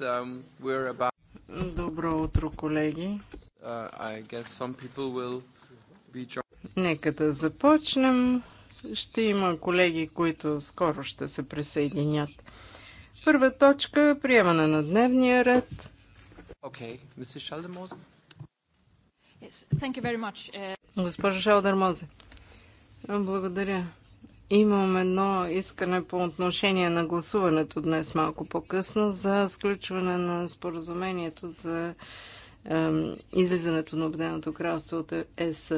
Um, Добро утро, колеги. Uh, Нека да започнем. Ще има колеги, които скоро ще се присъединят. Първа точка – приемане на дневния ред. Госпожа uh, Госпожо Шалдермозе, благодаря. Имам едно искане по отношение на гласуването днес малко по-късно за сключване на споразумението за е, излизането на Обединеното кралство от ЕС.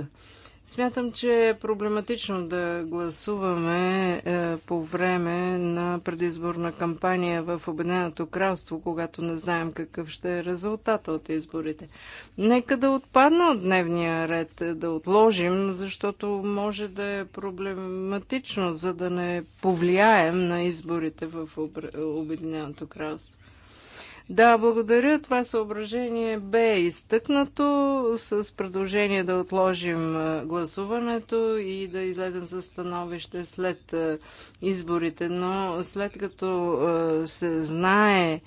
Смятам, че е проблематично да гласуваме е, по време на предизборна кампания в Обединеното кралство, когато не знаем какъв ще е резултата от изборите. Нека да отпадна от дневния ред, е, да отложим, защото може да е проблематично, за да не повлияем на изборите в Обединеното кралство. Да, благодаря. Това съображение бе изтъкнато с предложение да отложим гласуването и да излезем с становище след изборите. Но след като се знае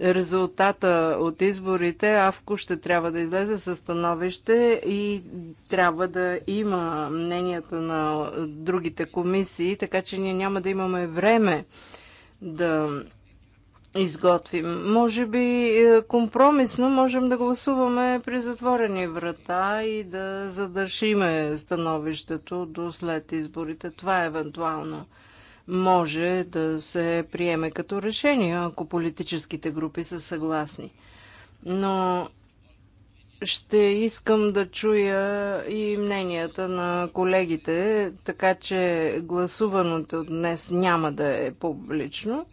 резултата от изборите, Авко ще трябва да излезе със становище и трябва да има мненията на другите комисии, така че ние няма да имаме време да изготвим. Може би е, компромисно можем да гласуваме при затворени врата и да задършиме становището до след изборите. Това евентуално може да се приеме като решение, ако политическите групи са съгласни. Но ще искам да чуя и мненията на колегите, така че гласуваното днес няма да е публично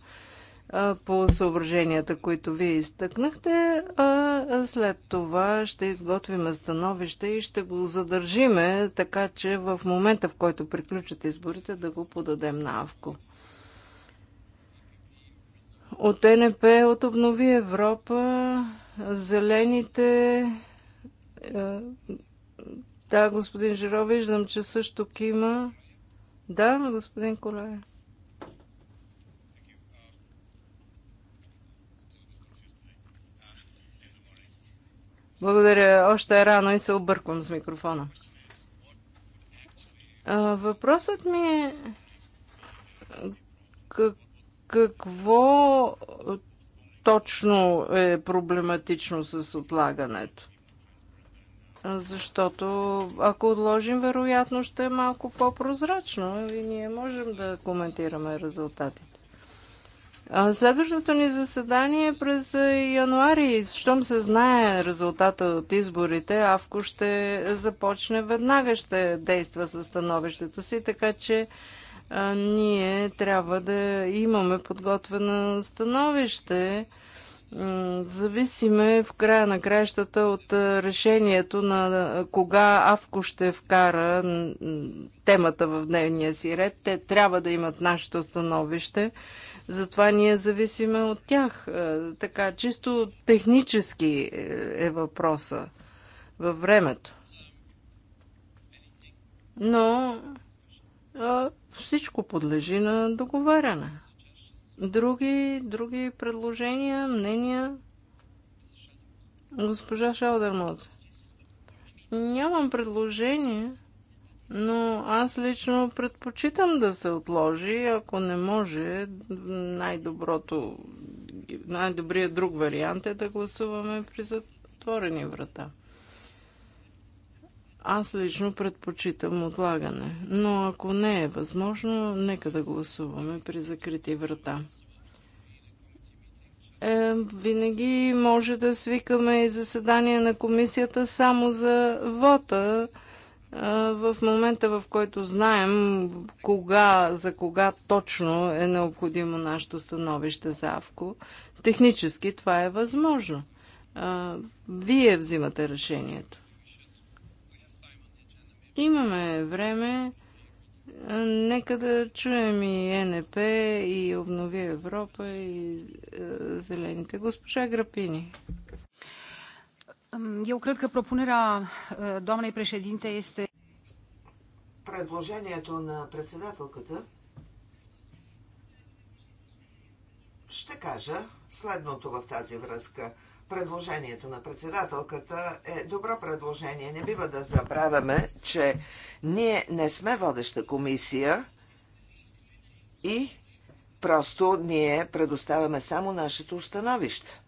по съображенията, които вие изтъкнахте, а след това ще изготвим становище и ще го задържиме, така че в момента, в който приключат изборите, да го подадем на АВКО. От НП, от Обнови Европа, Зелените, да, господин Жиро, виждам, че също кима. Да, господин Колая. Благодаря. Още е рано и се обърквам с микрофона. Въпросът ми е какво точно е проблематично с отлагането? Защото ако отложим, вероятно ще е малко по-прозрачно и ние можем да коментираме резултатите. Следващото ни заседание е през януари. Щом се знае резултата от изборите, Авко ще започне веднага, ще действа със становището си, така че а, ние трябва да имаме подготвено становище. Зависиме в края на краищата от решението на кога Авко ще вкара темата в дневния си ред. Те трябва да имат нашето становище. Затова ние зависиме от тях. Е, така, чисто технически е, е въпроса във времето. Но е, всичко подлежи на договаряне. Други, други предложения, мнения? Госпожа Шалдермоц. Нямам предложение но аз лично предпочитам да се отложи, ако не може, най-доброто, най-добрият друг вариант е да гласуваме при затворени врата. Аз лично предпочитам отлагане, но ако не е възможно, нека да гласуваме при закрити врата. Е, винаги може да свикаме и заседание на комисията само за вота в момента, в който знаем кога, за кога точно е необходимо нашето становище за АВКО, технически това е възможно. Вие взимате решението. Имаме време. Нека да чуем и НП, и Обнови Европа, и Зелените. Госпожа Грапини. Eu е cred că propunerea doamnei președinte este... Предложението на председателката ще кажа следното в тази връзка. Предложението на председателката е добро предложение. Не бива да забравяме, че ние не сме водеща комисия и просто ние предоставяме само нашето установище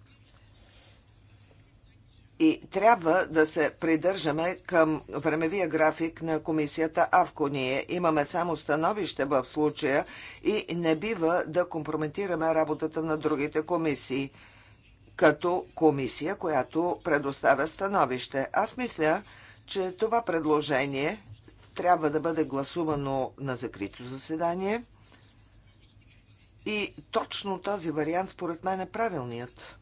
и трябва да се придържаме към времевия график на комисията АВКО. Ние имаме само становище в случая и не бива да компрометираме работата на другите комисии като комисия, която предоставя становище. Аз мисля, че това предложение трябва да бъде гласувано на закрито заседание и точно този вариант според мен е правилният.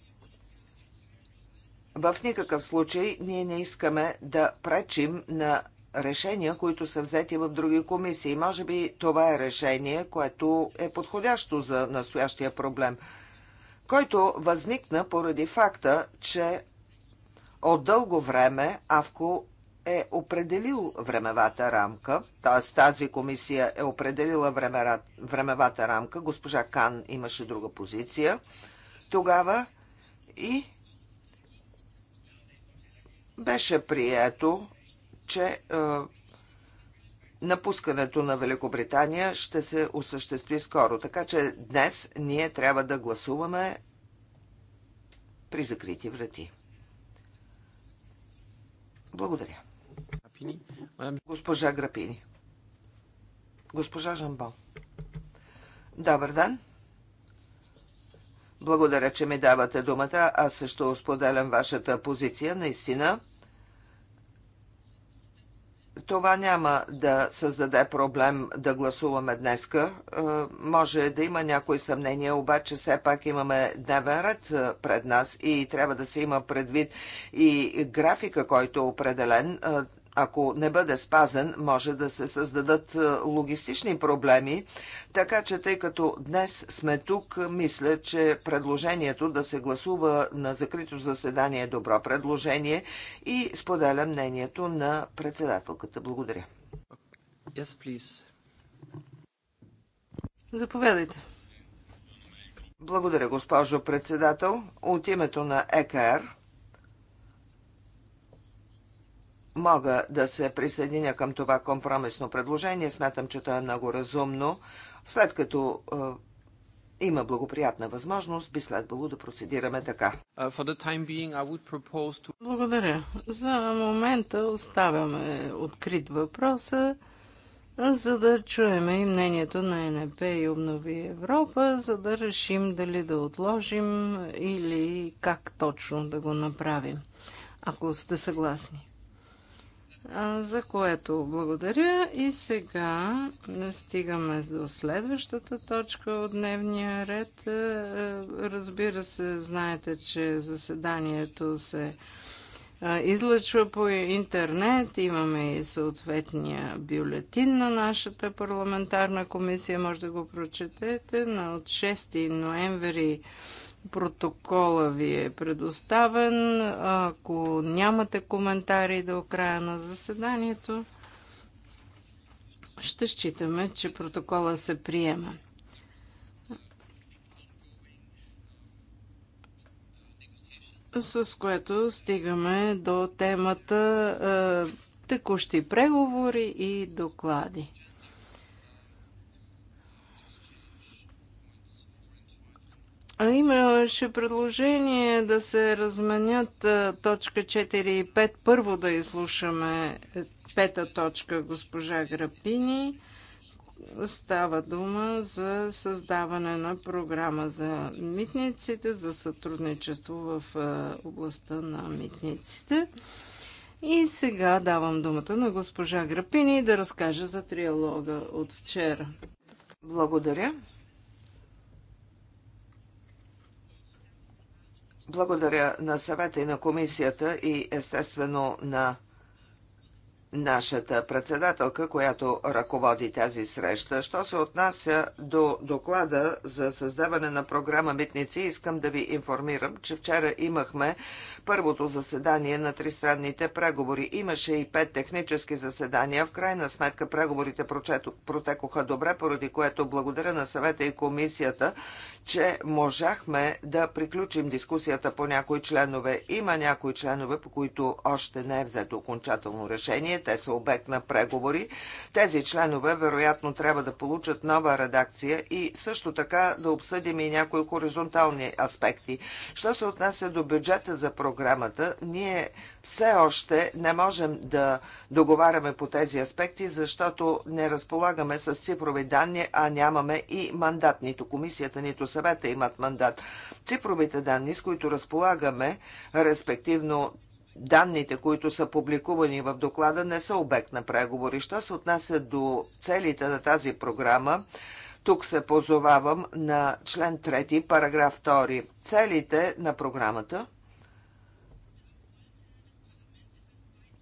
В никакъв случай ние не искаме да пречим на решения, които са взети в други комисии. Може би това е решение, което е подходящо за настоящия проблем, който възникна поради факта, че от дълго време АВКО е определил времевата рамка, т.е. тази комисия е определила времевата рамка, госпожа Кан имаше друга позиция тогава и беше прието, че е, напускането на Великобритания ще се осъществи скоро. Така че днес ние трябва да гласуваме при закрити врати. Благодаря. Госпожа Грапини. Госпожа Жамбо. Добър ден. Благодаря, че ми давате думата. Аз също споделям вашата позиция. Наистина, това няма да създаде проблем да гласуваме днеска. Е, може да има някои съмнения, обаче все пак имаме дневен ред е, пред нас и трябва да се има предвид и графика, който е определен. Е, ако не бъде спазен, може да се създадат е, логистични проблеми. Така че, тъй като днес сме тук, мисля, че предложението да се гласува на закрито заседание е добро предложение и споделя мнението на председателката. Благодаря. Yes, please. Заповядайте. Благодаря, госпожо председател. От името на ЕКР мога да се присъединя към това компромисно предложение. Смятам, че то е много разумно. След като е, има благоприятна възможност, би следвало да процедираме така. Е, Благодаря. За момента оставяме открит въпроса, за да чуем и мнението на НП и Обнови Европа, за да решим дали да отложим или как точно да го направим, ако сте съгласни за което благодаря. И сега стигаме до следващата точка от дневния ред. Разбира се, знаете, че заседанието се излъчва по интернет. Имаме и съответния бюлетин на нашата парламентарна комисия. Може да го прочетете на от 6 ноември Протокола ви е предоставен. Ако нямате коментари до края на заседанието, ще считаме, че протокола се приема. С което стигаме до темата е, текущи преговори и доклади. А имаше предложение да се разменят точка 4 и 5. Първо да изслушаме е, пета точка госпожа Грапини. Става дума за създаване на програма за митниците, за сътрудничество в областта на митниците. И сега давам думата на госпожа Грапини да разкаже за триалога от вчера. Благодаря. Благодаря на съвета и на комисията и естествено на нашата председателка, която ръководи тази среща. Що се отнася до доклада за създаване на програма Митници, искам да ви информирам, че вчера имахме първото заседание на тристранните преговори. Имаше и пет технически заседания. В крайна сметка преговорите протекоха добре, поради което благодаря на съвета и комисията, че можахме да приключим дискусията по някои членове. Има някои членове, по които още не е взето окончателно решение. Те са обект на преговори. Тези членове вероятно трябва да получат нова редакция и също така да обсъдим и някои хоризонтални аспекти. Що се отнася до бюджета за програмата, ние все още не можем да договаряме по тези аспекти, защото не разполагаме с цифрови данни, а нямаме и мандат. Нито комисията, нито съвета имат мандат. Цифровите данни, с които разполагаме, респективно Данните, които са публикувани в доклада, не са обект на преговори. Що се отнася до целите на тази програма, тук се позовавам на член 3, параграф 2. Целите на програмата –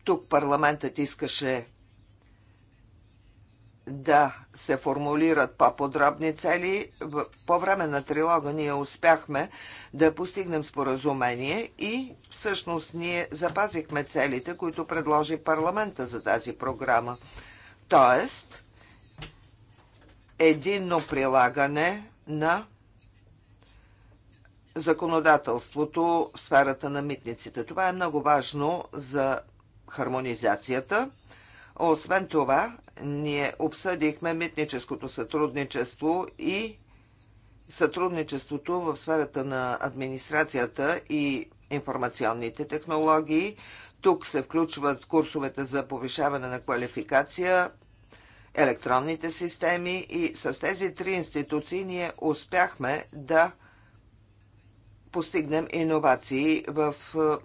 Тук парламентът искаше да се формулират по-подробни цели. По време на трилога ние успяхме да постигнем споразумение и всъщност ние запазихме целите, които предложи парламента за тази програма. Тоест, единно прилагане на законодателството в сферата на митниците. Това е много важно за хармонизацията. Освен това, ние обсъдихме митническото сътрудничество и сътрудничеството в сферата на администрацията и информационните технологии. Тук се включват курсовете за повишаване на квалификация, електронните системи и с тези три институции ние успяхме да постигнем иновации в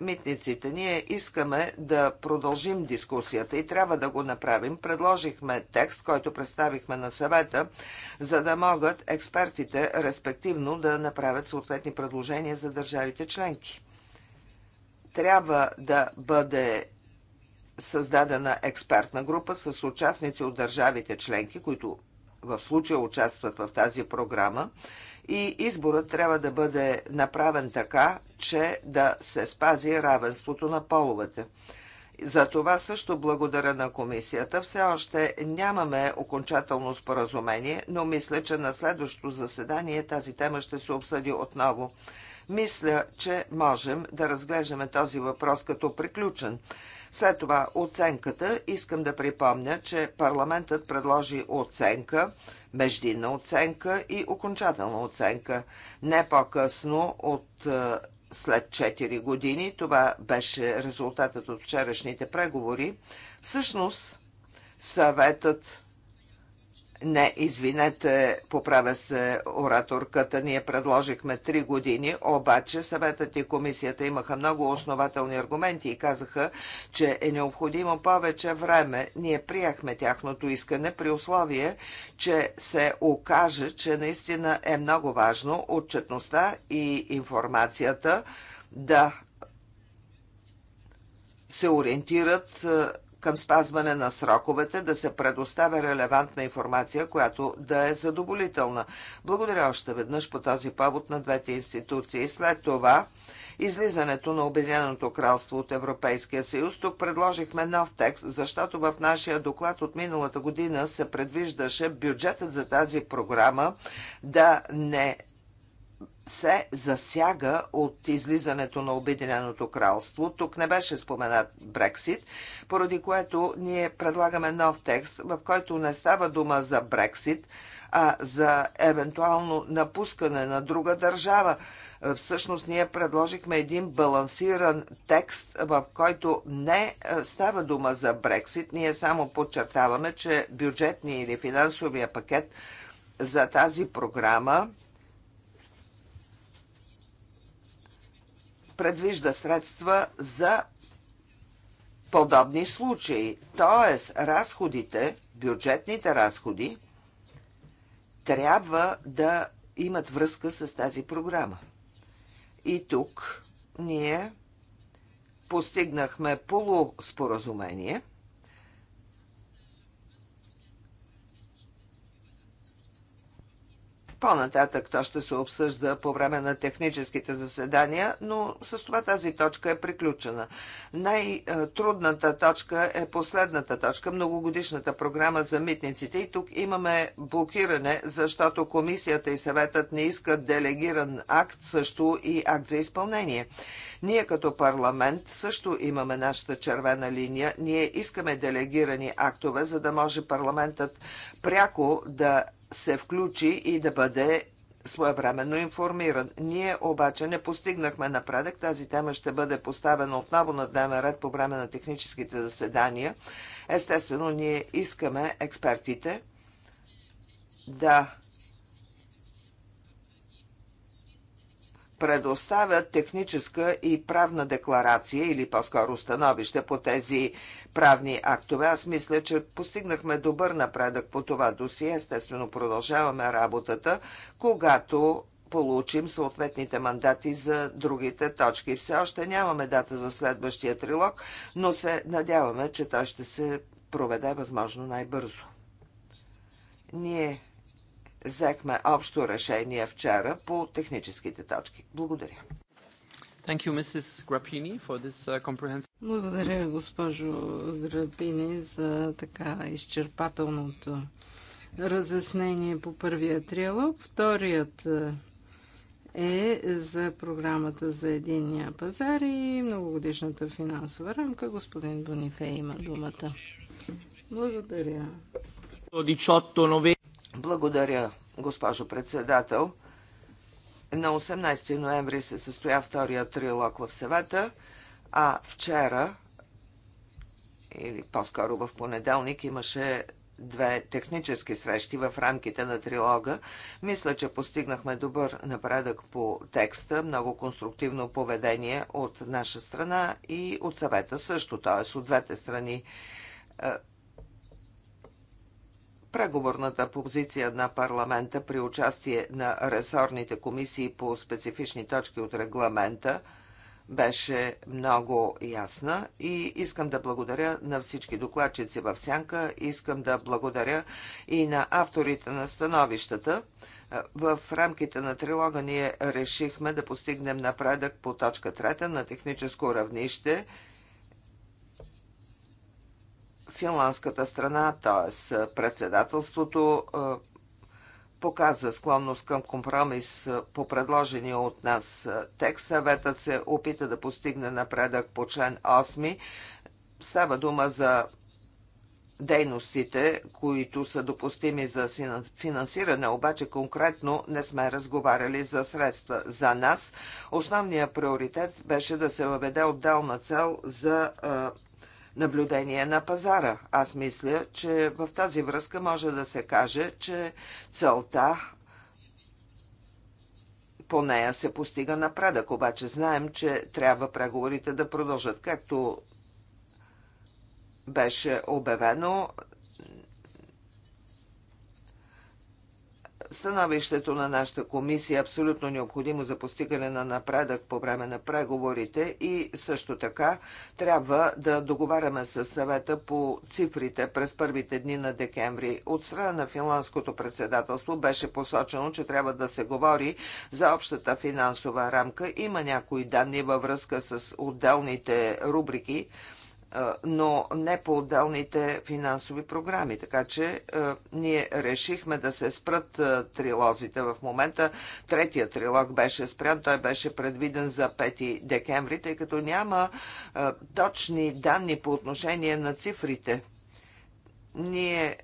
митниците. Ние искаме да продължим дискусията и трябва да го направим. Предложихме текст, който представихме на съвета, за да могат експертите респективно да направят съответни предложения за държавите членки. Трябва да бъде създадена експертна група с участници от държавите членки, които в случая участват в тази програма, и изборът трябва да бъде направен така, че да се спази равенството на половете. За това също благодаря на комисията. Все още нямаме окончателно споразумение, но мисля, че на следващото заседание тази тема ще се обсъди отново. Мисля, че можем да разглеждаме този въпрос като приключен. След това оценката. Искам да припомня, че парламентът предложи оценка, междинна оценка и окончателна оценка. Не по-късно от е, след 4 години. Това беше резултатът от вчерашните преговори. Всъщност, съветът не, извинете, поправя се ораторката. Ние предложихме три години, обаче съветът и комисията имаха много основателни аргументи и казаха, че е необходимо повече време. Ние приехме тяхното искане при условие, че се окаже, че наистина е много важно отчетността и информацията да се ориентират към спазване на сроковете, да се предоставя релевантна информация, която да е задоволителна. Благодаря още веднъж по този повод на двете институции. След това излизането на Обединеното кралство от Европейския съюз. Тук предложихме нов текст, защото в нашия доклад от миналата година се предвиждаше бюджетът за тази програма да не се засяга от излизането на Обединеното кралство. Тук не беше споменат Брексит, поради което ние предлагаме нов текст, в който не става дума за Брексит, а за евентуално напускане на друга държава. Всъщност ние предложихме един балансиран текст, в който не е, става дума за Брексит. Ние само подчертаваме, че бюджетния или финансовия пакет за тази програма предвижда средства за подобни случаи. Тоест, разходите, бюджетните разходи, трябва да имат връзка с тази програма. И тук ние постигнахме полуспоразумение – По-нататък то ще се обсъжда по време на техническите заседания, но с това тази точка е приключена. Най-трудната точка е последната точка, многогодишната програма за митниците. И тук имаме блокиране, защото комисията и съветът не искат делегиран акт, също и акт за изпълнение. Ние като парламент също имаме нашата червена линия. Ние искаме делегирани актове, за да може парламентът пряко да се включи и да бъде своевременно информиран. Ние обаче не постигнахме напредък. Тази тема ще бъде поставена отново на дневен ред по време на техническите заседания. Естествено, ние искаме експертите да предоставят техническа и правна декларация или по-скоро становище по тези правни актове. Аз мисля, че постигнахме добър напредък по това досие. Естествено, продължаваме работата, когато получим съответните мандати за другите точки. Все още нямаме дата за следващия трилог, но се надяваме, че той ще се проведе възможно най-бързо. Ние взехме общо решение вчера по техническите точки. Благодаря. Thank you, Mrs. Grappini, for this uh, comprehensive... Благодаря, госпожо Грапини, за така изчерпателното разяснение по първия триалог. Вторият е, е за програмата за единния пазар и многогодишната финансова рамка. Господин Бонифей има думата. Благодаря. 18 нове... Благодаря, госпожо председател. На 18 ноември се състоя втория трилог в съвета, а вчера или по-скоро в понеделник имаше две технически срещи в рамките на трилога. Мисля, че постигнахме добър напредък по текста, много конструктивно поведение от наша страна и от съвета също, т.е. от двете страни. Е, преговорната позиция на парламента при участие на ресорните комисии по специфични точки от регламента беше много ясна и искам да благодаря на всички докладчици в Сянка, искам да благодаря и на авторите на становищата. В рамките на трилога ние решихме да постигнем напредък по точка трета на техническо равнище – финландската страна, т.е. председателството, показа склонност към компромис по предложения от нас текст. Съветът се опита да постигне напредък по член 8. Става дума за дейностите, които са допустими за финансиране, обаче конкретно не сме разговаряли за средства. За нас основният приоритет беше да се въведе отделна цел за наблюдение на пазара. Аз мисля, че в тази връзка може да се каже, че целта по нея се постига напредък, обаче знаем, че трябва преговорите да продължат. Както беше обявено, Становището на нашата комисия е абсолютно необходимо за постигане на напредък по време на преговорите и също така трябва да договаряме с съвета по цифрите през първите дни на декември. От страна на финландското председателство беше посочено, че трябва да се говори за общата финансова рамка. Има някои данни във връзка с отделните рубрики – но не по отделните финансови програми. Така че ние решихме да се спрат трилозите в момента. Третия трилог беше спрян, той беше предвиден за 5 декември, тъй като няма точни данни по отношение на цифрите. Ние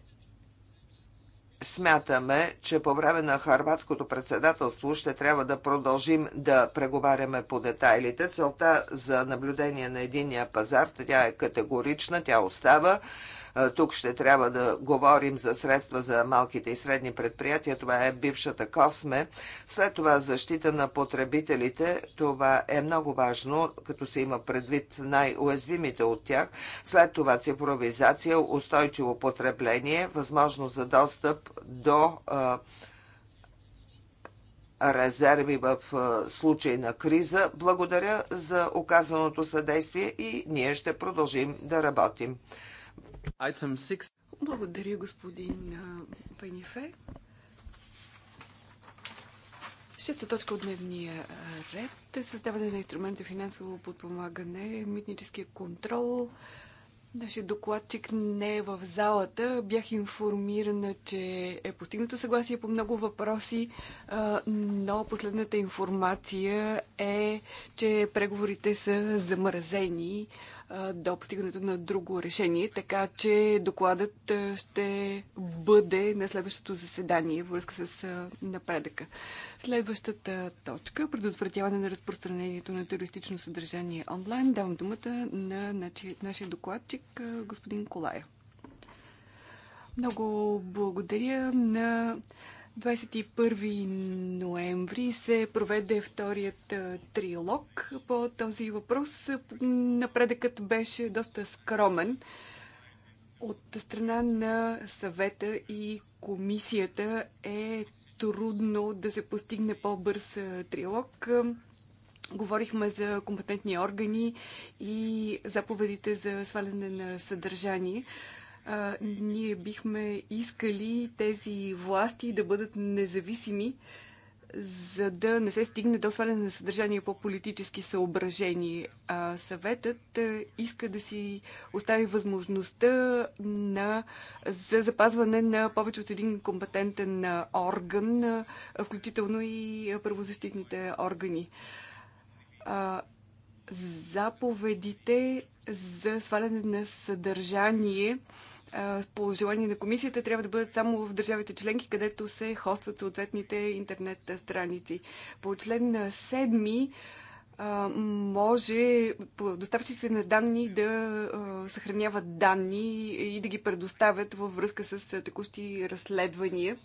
смятаме, че по време на харватското председателство ще трябва да продължим да преговаряме по детайлите. Целта за наблюдение на единия пазар, тя е категорична, тя остава. Тук ще трябва да говорим за средства за малките и средни предприятия. Това е бившата Косме. След това защита на потребителите. Това е много важно, като се има предвид най-уязвимите от тях. След това цифровизация, устойчиво потребление, възможност за достъп до резерви в случай на криза. Благодаря за оказаното съдействие и ние ще продължим да работим. Благодаря, господин Панифе. Шеста точка от дневния ред е създаване на инструмент за финансово подпомагане, митническия контрол. Нашия докладчик не е в залата. Бях информирана, че е постигнато съгласие по много въпроси, но последната информация е, че преговорите са замразени до постигането на друго решение, така че докладът ще бъде на следващото заседание във връзка с напредъка. Следващата точка е предотвратяване на разпространението на терористично съдържание онлайн. Давам думата на нашия докладчик господин Колая. Много благодаря на 21 ноември се проведе вторият трилог по този въпрос. Напредъкът беше доста скромен. От страна на съвета и комисията е трудно да се постигне по-бърз трилог. Говорихме за компетентни органи и заповедите за сваляне на съдържание а, ние бихме искали тези власти да бъдат независими, за да не се стигне до сваляне на съдържание по политически съображения. А, съветът иска да си остави възможността на, за запазване на повече от един компетентен орган, включително и правозащитните органи. А, заповедите за сваляне на съдържание положения на комисията трябва да бъдат само в държавите членки, където се хостват съответните интернет страници. По член 7 може доставчиците на данни да съхраняват данни и да ги предоставят във връзка с текущи разследвания.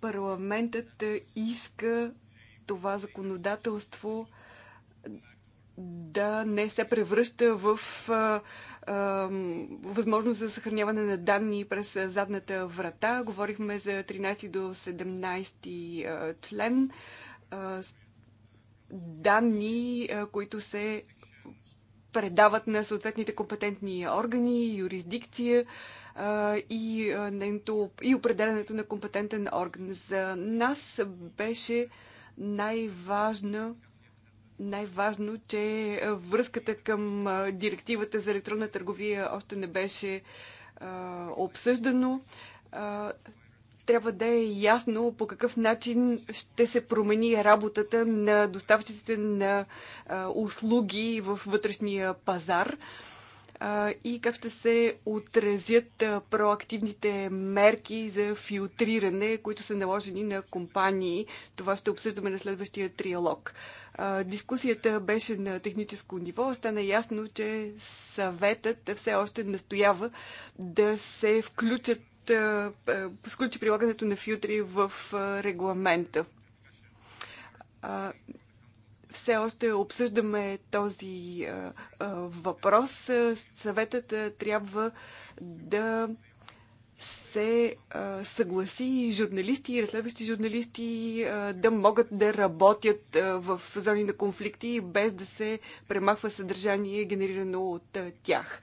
Парламентът иска това законодателство да не се превръща в възможност за съхраняване на данни през задната врата. Говорихме за 13 до 17 член. Данни, които се предават на съответните компетентни органи, юрисдикция и, нейното, и определенето на компетентен орган. За нас беше най-важна най-важно, че връзката към директивата за електронна търговия още не беше а, обсъждано. А, трябва да е ясно по какъв начин ще се промени работата на доставчиците на а, услуги в вътрешния пазар а, и как ще се отразят а, проактивните мерки за филтриране, които са наложени на компании. Това ще обсъждаме на следващия триалог. А, Дискусията беше на техническо ниво. Стана ясно, че съветът все още настоява да се включат включи прилагането на филтри в регламента. Все още обсъждаме този въпрос. Съветът трябва да се а, съгласи журналисти и разследващи журналисти а, да могат да работят а, в зони на конфликти, без да се премахва съдържание, генерирано от а, тях.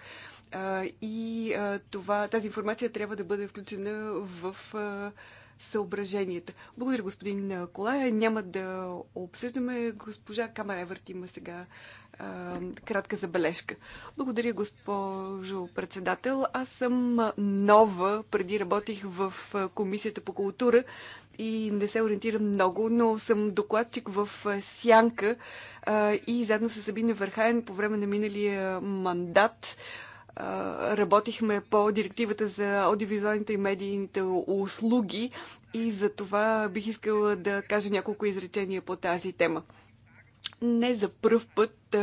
А, и а, това, тази информация трябва да бъде включена в. А, съображенията. Благодаря, господин Колая. Няма да обсъждаме. Госпожа Камареверт има сега а, кратка забележка. Благодаря, госпожо председател. Аз съм нова. Преди работих в Комисията по култура и не се ориентирам много, но съм докладчик в Сянка а, и заедно с Сабина Върхаен по време на миналия мандат работихме по директивата за аудиовизуалните и медийните услуги и за това бих искала да кажа няколко изречения по тази тема. Не за пръв път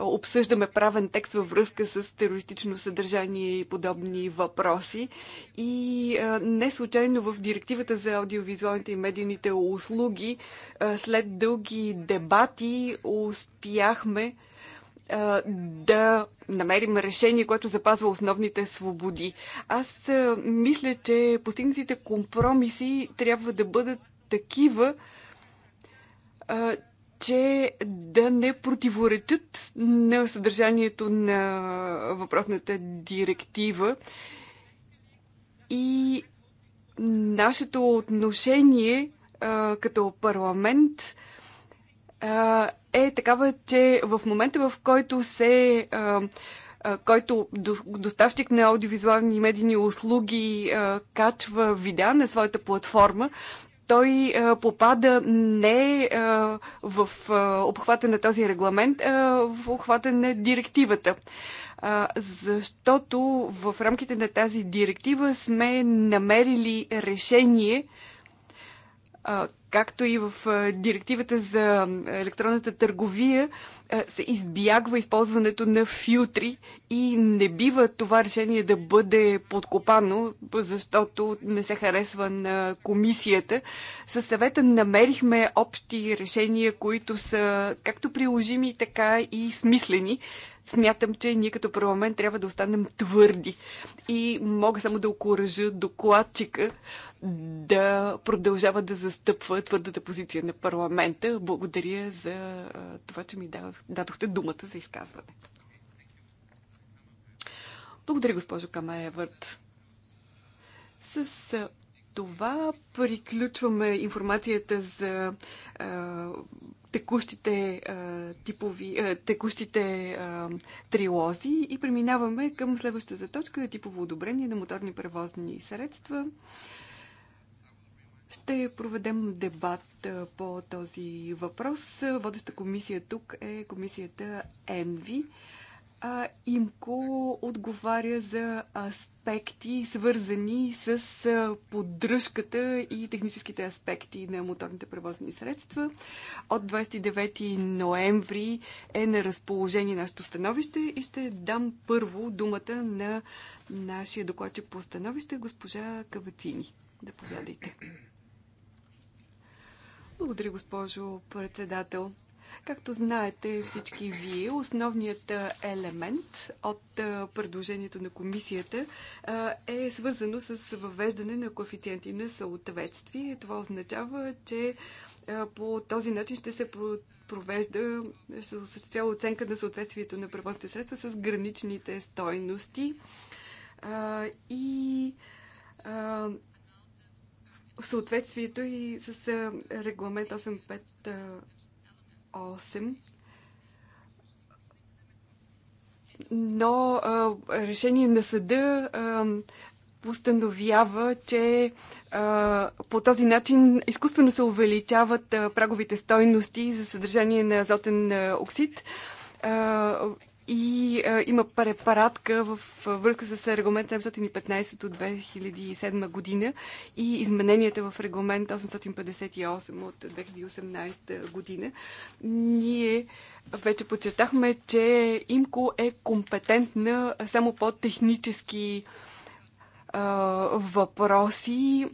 обсъждаме правен текст във връзка с терористично съдържание и подобни въпроси. И не случайно в директивата за аудиовизуалните и медийните услуги, след дълги дебати, успяхме да намерим решение, което запазва основните свободи. Аз мисля, че постигнатите компромиси трябва да бъдат такива, че да не противоречат на съдържанието на въпросната директива и нашето отношение като парламент е такава, че в момента, в който се а, който доставчик на аудиовизуални и медийни услуги качва видеа на своята платформа, той попада не в обхвата на този регламент, а в обхвата на директивата. Защото в рамките на тази директива сме намерили решение както и в директивата за електронната търговия, се избягва използването на филтри и не бива това решение да бъде подкопано, защото не се харесва на комисията. Със съвета намерихме общи решения, които са както приложими, така и смислени смятам, че ние като парламент трябва да останем твърди. И мога само да окоръжа докладчика да продължава да застъпва твърдата позиция на парламента. Благодаря за това, че ми дадохте думата за изказване. Благодаря, госпожо Камаревърт. С това приключваме информацията за а, текущите, а, типови, а, текущите а, трилози и преминаваме към следващата точка типово одобрение на моторни превозни средства. Ще проведем дебат по този въпрос. Водеща комисия тук е комисията ЕНВИ а, Имко отговаря за аспекти, свързани с а, поддръжката и техническите аспекти на моторните превозни средства. От 29 ноември е на разположение нашето становище и ще дам първо думата на нашия докладчик по становище, госпожа Кавацини. Заповядайте. Благодаря, госпожо председател. Както знаете всички вие, основният елемент от предложението на комисията е свързано с въвеждане на коефициенти на съответствие. Това означава, че по този начин ще се провежда, ще се осъществява оценка на съответствието на превозните средства с граничните стойности и съответствието и с регламент 85 8. Но а, решение на съда а, установява, че а, по този начин изкуствено се увеличават а, праговите стойности за съдържание на азотен а, оксид. А, и а, е, има препаратка в е, връзка с регламент 715 от 2007 година и измененията в регламент 858 от 2018 година. Ние вече подчертахме, че ИМКО е компетентна само по технически а, е, въпроси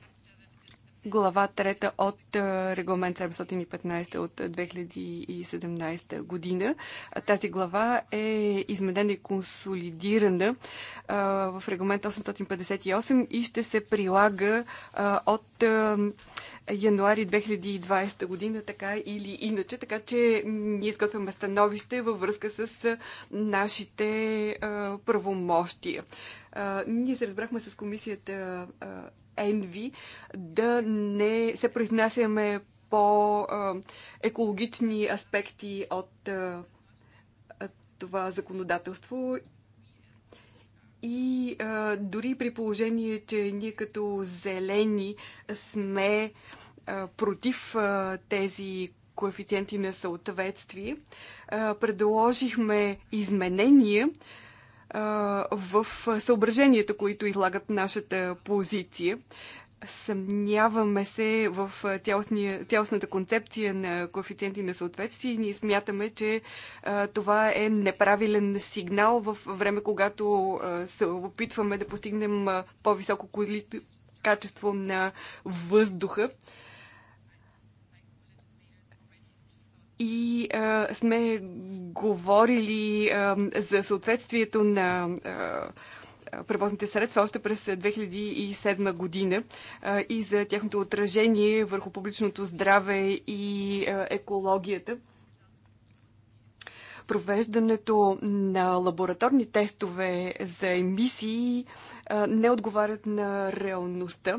глава 3 от е, регламент 715 от 2017 е, година. Тази глава е изменена и консолидирана е, в регламент 858 и ще се прилага от януари 2020 година, така или иначе. Така че ние изготвяме становище във връзка с нашите правомощия. Ние се разбрахме с комисията Енви да не се произнасяме по екологични аспекти от това законодателство и дори при положение, че ние като зелени сме против тези коефициенти на съответствие, предложихме изменения, в съображенията, които излагат нашата позиция. Съмняваме се в цялостната концепция на коефициенти на съответствие и ние смятаме, че а, това е неправилен сигнал в време, когато а, се опитваме да постигнем по-високо качество на въздуха. и а, сме говорили а, за съответствието на а, превозните средства още през 2007 година а, и за тяхното отражение върху публичното здраве и а, екологията. Провеждането на лабораторни тестове за емисии а, не отговарят на реалността. А,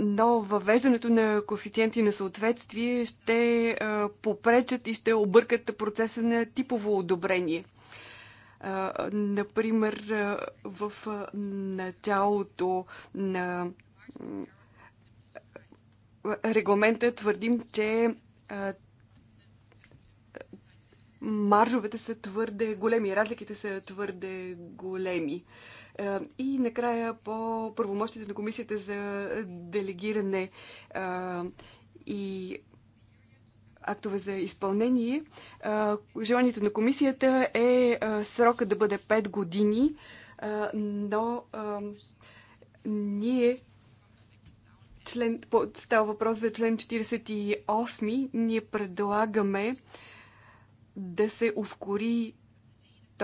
но въвеждането на коефициенти на съответствие ще попречат и ще объркат процеса на типово одобрение. Например, в началото на регламента твърдим, че маржовете са твърде големи, разликите са твърде големи. Е, и накрая по правомощите на комисията за делегиране е, и актове за изпълнение. Е, желанието на комисията е срока да бъде 5 години, но ние член, става въпрос за член 48, ние предлагаме да се ускори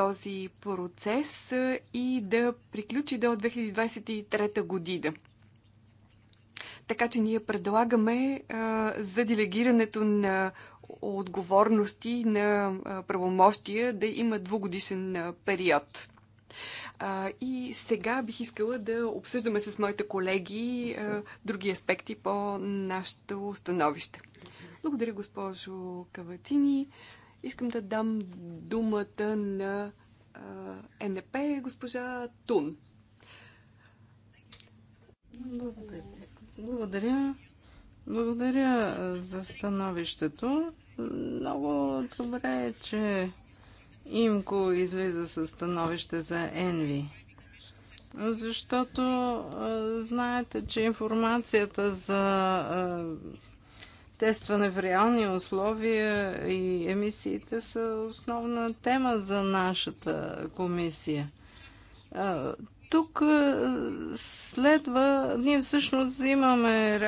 този процес и да приключи до 2023 година. Така че ние предлагаме за делегирането на отговорности на правомощия да има двугодишен период. И сега бих искала да обсъждаме с моите колеги други аспекти по нашето становище. Благодаря, госпожо Каватини. Искам да дам думата на а, НП госпожа Тун. Благодаря. Благодаря. Благодаря за становището. Много добре е, че Имко излиза със становище за Енви. Защото знаете, че информацията за тестване в реални условия и емисиите са основна тема за нашата комисия. Тук следва, ние всъщност взимаме,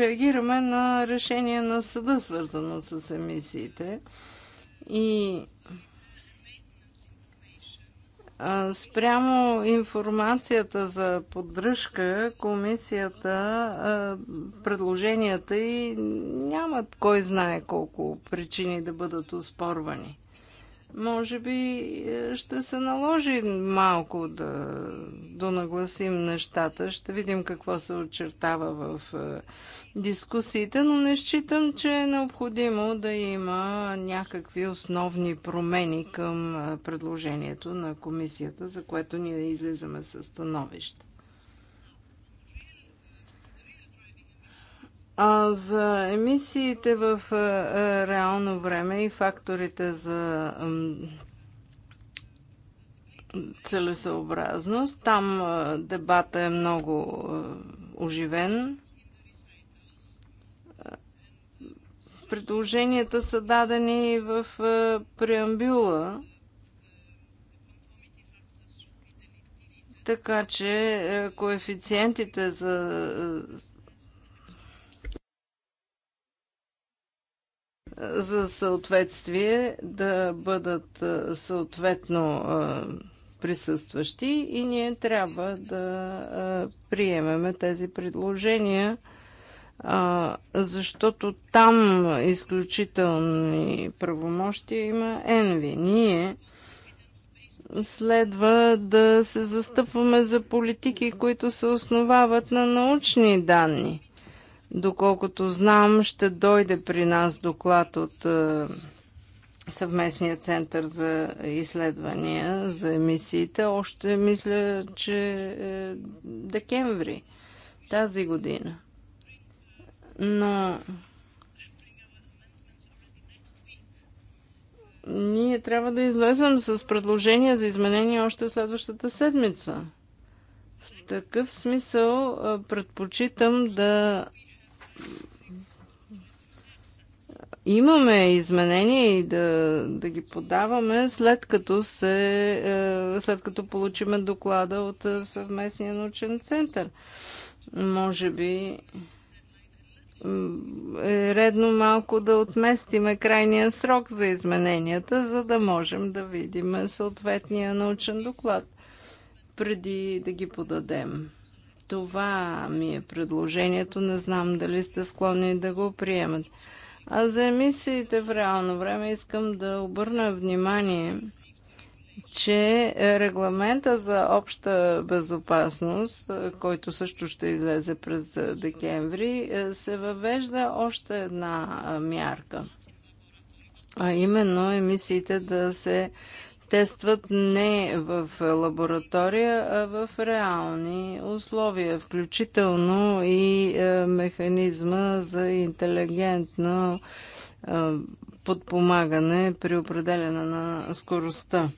реагираме на решение на съда, свързано с емисиите. И Спрямо информацията за поддръжка, комисията, предложенията и нямат кой знае колко причини да бъдат оспорвани. Може би е, ще се наложи малко да донагласим нещата. Ще видим какво се очертава в е, дискусиите, но не считам, че е необходимо да има някакви основни промени към предложението на комисията, за което ние излизаме със становище. А за емисиите в реално време и факторите за целесъобразност, там дебата е много оживен. предложенията са дадени в е, преамбюла. Така че е, коефициентите за е, за съответствие да бъдат съответно присъстващи и ние трябва да приемеме тези предложения защото там изключителни правомощия има Енви. Ние следва да се застъпваме за политики, които се основават на научни данни. Доколкото знам, ще дойде при нас доклад от съвместния център за изследвания за емисиите. Още мисля, че е декември тази година но ние трябва да излезем с предложения за изменение още следващата седмица. В такъв смисъл предпочитам да имаме изменения и да, да ги подаваме след като, се, е, след като получиме доклада от съвместния научен център. Може би е редно малко да отместиме крайния срок за измененията, за да можем да видим съответния научен доклад преди да ги подадем. Това ми е предложението. Не знам дали сте склонни да го приемат. А за емисиите в реално време искам да обърна внимание – че регламента за обща безопасност, е, който също ще излезе през е, декември, е, се въвежда още една мярка. А именно емисиите да се тестват не в лаборатория, а в реални условия, включително и механизма за интелигентно подпомагане при определяне на скоростта.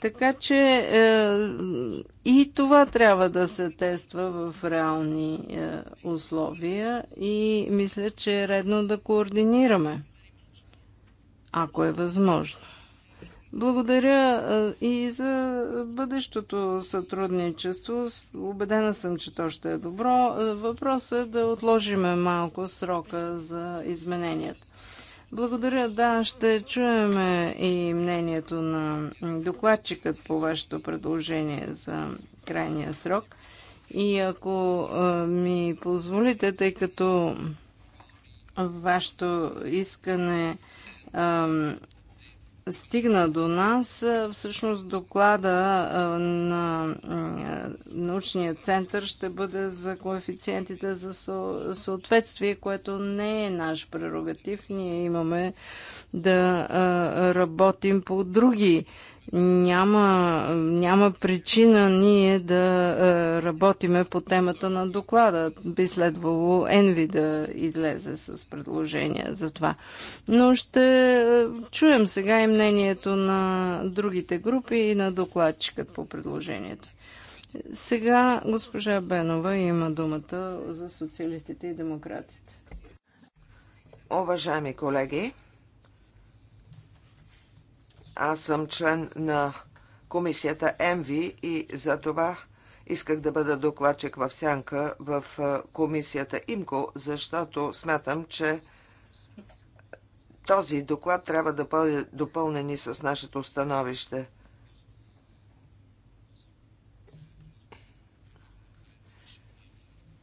Така че е, и това трябва да се тества в реални е, условия и мисля, че е редно да координираме, ако е възможно. Благодаря е, и за бъдещото сътрудничество. Обедена съм, че то ще е добро. Е, въпросът е да отложиме малко срока за измененията. Благодаря. Да, ще чуем и мнението на докладчикът по вашето предложение за крайния срок. И ако ми позволите, тъй като вашето искане стигна до нас, всъщност доклада на научния център ще бъде за коефициентите за съответствие, което не е наш прерогатив. Ние имаме да работим по други няма, няма причина ние да е, работиме по темата на доклада. Би следвало Енви да излезе с предложения за това. Но ще е, чуем сега и мнението на другите групи и на докладчикът по предложението. Сега госпожа Бенова има думата за социалистите и демократите. Уважаеми колеги, аз съм член на комисията ЕМВИ и за това исках да бъда докладчик в сянка в е, комисията ИМКО, защото смятам, че този доклад трябва да бъде допълнен и с нашето становище.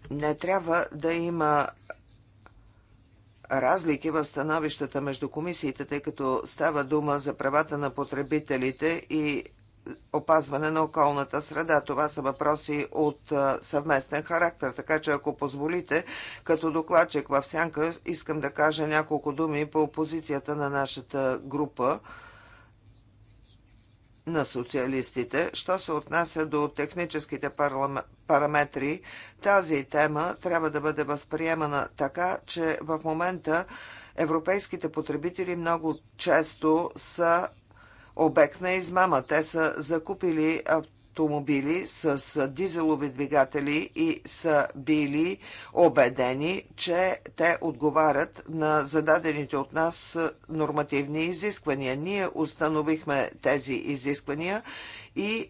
Не трябва да има разлики в становищата между комисиите, тъй като става дума за правата на потребителите и опазване на околната среда. Това са въпроси от съвместен характер, така че ако позволите, като докладчик в сянка, искам да кажа няколко думи по позицията на нашата група на социалистите. Що се отнася до техническите параметри, тази тема трябва да бъде възприемана така, че в момента европейските потребители много често са обект на измама. Те са закупили авто автомобили с дизелови двигатели и са били убедени, че те отговарят на зададените от нас нормативни изисквания. Ние установихме тези изисквания и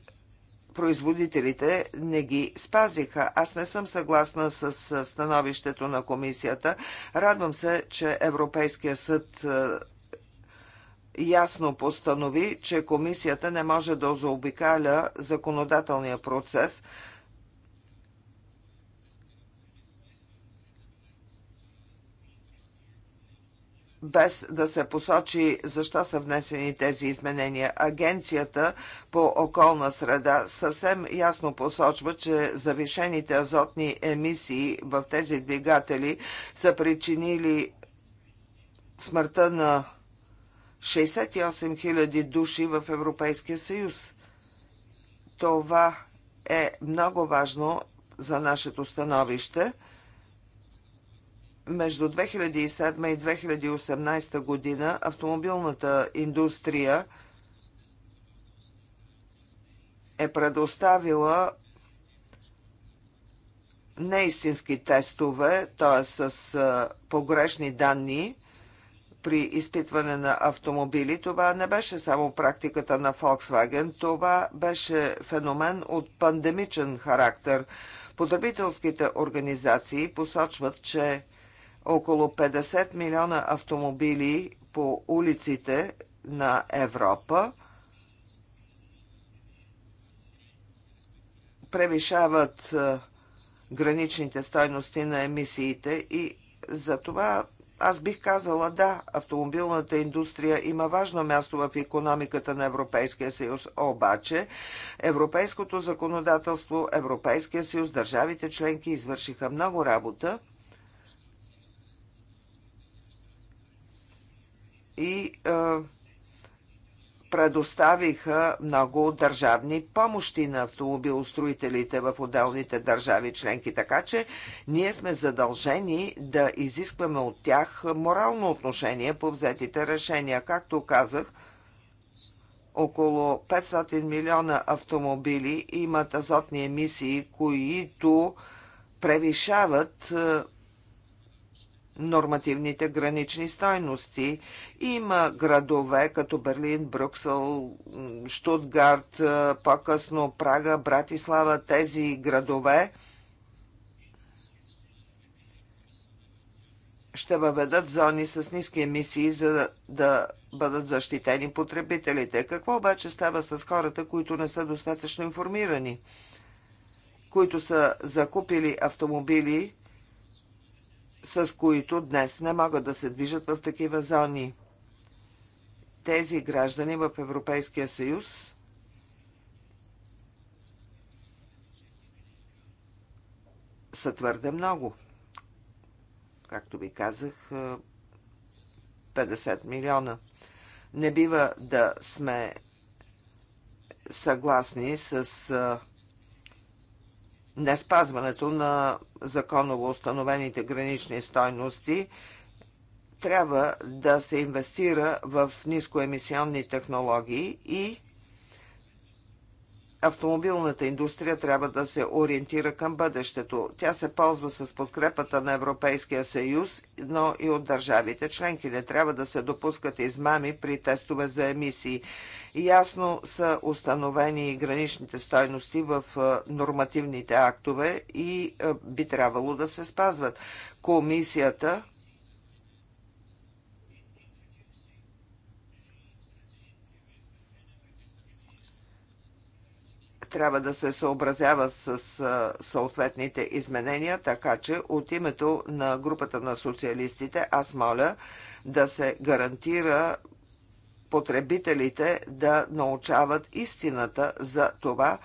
производителите не ги спазиха. Аз не съм съгласна с становището на комисията. Радвам се, че Европейския съд ясно постанови, че комисията не може да заобикаля законодателния процес, без да се посочи защо са внесени тези изменения. Агенцията по околна среда съвсем ясно посочва, че завишените азотни емисии в тези двигатели са причинили смъртта на 68 000 души в Европейския съюз. Това е много важно за нашето становище. Между 2007 и 2018 година автомобилната индустрия е предоставила неистински тестове, т.е. с погрешни данни – при изпитване на автомобили. Това не беше само практиката на Volkswagen, това беше феномен от пандемичен характер. Потребителските организации посочват, че около 50 милиона автомобили по улиците на Европа превишават граничните стойности на емисиите и за това аз бих казала, да, автомобилната индустрия има важно място в економиката на Европейския съюз, обаче европейското законодателство, Европейския съюз, държавите членки извършиха много работа и е, предоставиха много държавни помощи на автомобилостроителите в отделните държави членки, така че ние сме задължени да изискваме от тях морално отношение по взетите решения. Както казах, около 500 милиона автомобили имат азотни емисии, които превишават нормативните гранични стойности. Има градове като Берлин, Брюксел, Штутгарт, е, по-късно Прага, Братислава, тези градове ще въведат зони с ниски емисии, за да бъдат защитени потребителите. Какво обаче става с хората, които не са достатъчно информирани? които са закупили автомобили с които днес не могат да се движат в такива зони. Тези граждани в Европейския съюз са твърде много. Както ви казах, 50 милиона. Не бива да сме съгласни с не спазването на законово установените гранични стойности, трябва да се инвестира в нискоемисионни технологии и автомобилната индустрия трябва да се ориентира към бъдещето. Тя се ползва с подкрепата на Европейския съюз, но и от държавите членки не трябва да се допускат измами при тестове за емисии. Ясно са установени граничните стойности в нормативните актове и би трябвало да се спазват. Комисията трябва да се съобразява с съответните изменения, така че от името на групата на социалистите аз моля да се гарантира потребителите да научават истината за това,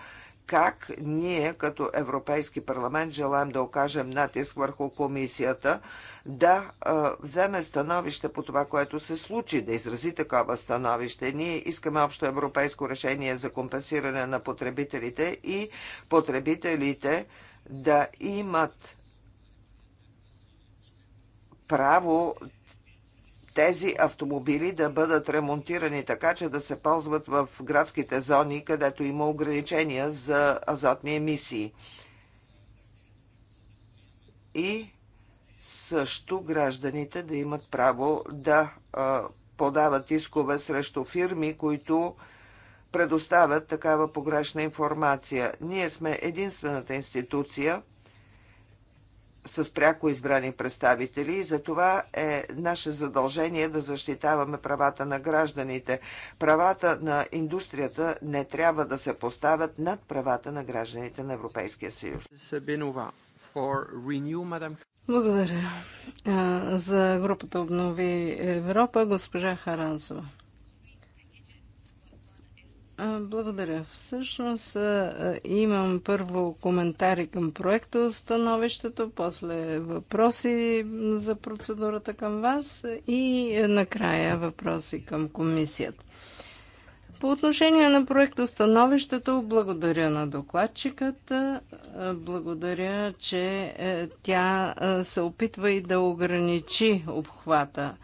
как ние като Европейски парламент желаем да окажем натиск върху комисията да а, вземе становище по това, което се случи, да изрази такова становище. Ние искаме общо европейско решение за компенсиране на потребителите и потребителите да имат право тези автомобили да бъдат ремонтирани така, че да се ползват в градските зони, където има ограничения за азотни емисии. И също гражданите да имат право да а, подават искове срещу фирми, които предоставят такава погрешна информация. Ние сме единствената институция, с пряко избрани представители и за това е наше задължение да защитаваме правата на гражданите. Правата на индустрията не трябва да се поставят над правата на гражданите на Европейския съюз. Благодаря. За групата Обнови Европа, госпожа Харанзова. Благодаря. Всъщност имам първо коментари към проекта становището, после въпроси за процедурата към вас и накрая въпроси към комисията. По отношение на проекта становището, благодаря на докладчикът. Благодаря, че е, тя се опитва и да ограничи обхвата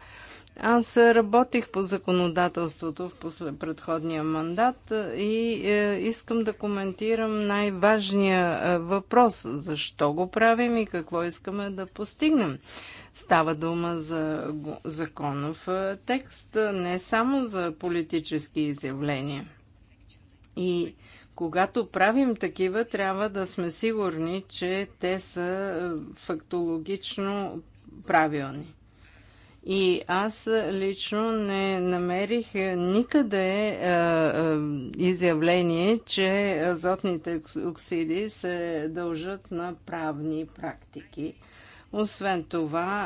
аз работих по законодателството в предходния мандат и е, искам да коментирам най-важния е, въпрос. Защо го правим и какво искаме да постигнем? Става дума за законов е, текст, не само за политически изявления. И когато правим такива, трябва да сме сигурни, че те са фактологично правилни. И аз лично не намерих никъде е, е, изявление, че азотните оксиди се дължат на правни практики. Освен това,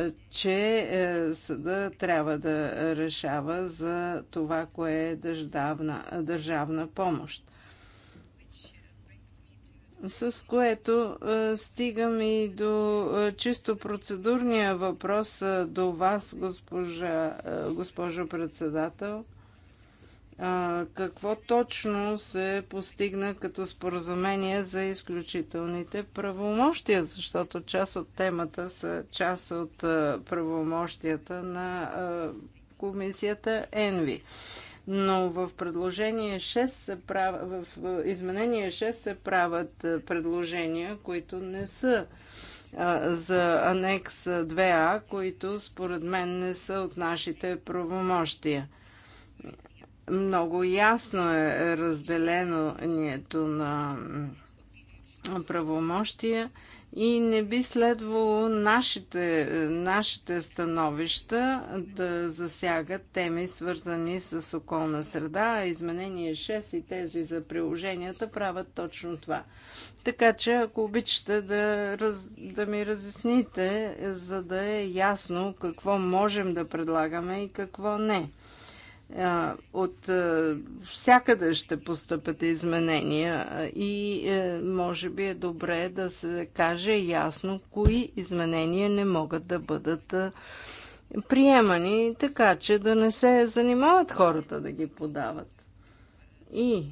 е, че е, съда трябва да решава за това, кое е държавна, държавна помощ с което е, стигам и до е, чисто процедурния въпрос е, до вас, госпожа, госпожо председател. Какво точно се постигна като споразумение за изключителните правомощия, защото част от темата са част от правомощията на комисията ЕНВИ но в предложение 6 се прав... в изменение 6 се правят е, предложения, които не са за анекс 2А, които според мен не са от нашите правомощия. Много ясно е разделението на правомощия и не би следвало нашите, нашите становища да засягат теми, свързани с околна среда. Изменение 6 и тези за приложенията правят точно това. Така че, ако обичате да, раз, да ми разясните, за да е ясно какво можем да предлагаме и какво не. От всякъде ще постъпят изменения и е, може би е добре да се каже ясно кои изменения не могат да бъдат приемани, така че да не се занимават хората да ги подават. И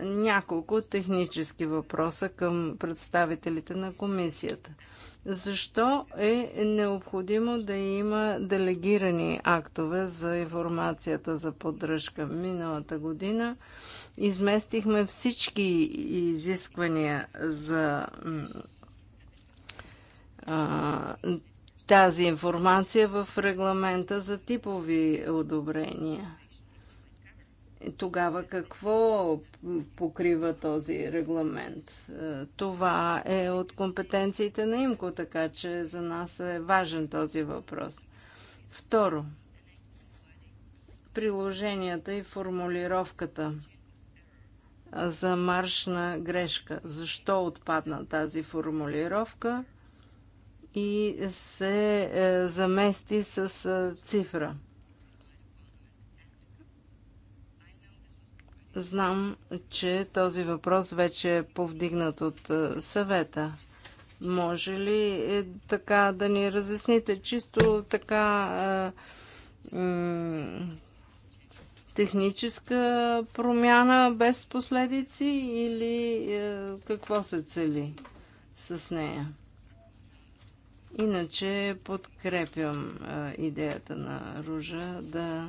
няколко технически въпроса към представителите на комисията – защо е необходимо да има делегирани актове за информацията за поддръжка? Миналата година изместихме всички изисквания за а, тази информация в регламента за типови одобрения тогава какво покрива този регламент? Е, това е от компетенциите на ИМКО, така че за нас е важен този въпрос. Второ, приложенията и формулировката за маршна грешка. Защо отпадна тази формулировка и се е, замести с е, цифра? Знам, че този въпрос вече е повдигнат от е, съвета. Може ли е така да ни разясните чисто така е, е, техническа промяна без последици или е, какво се цели с нея? Иначе подкрепям е, идеята на Ружа да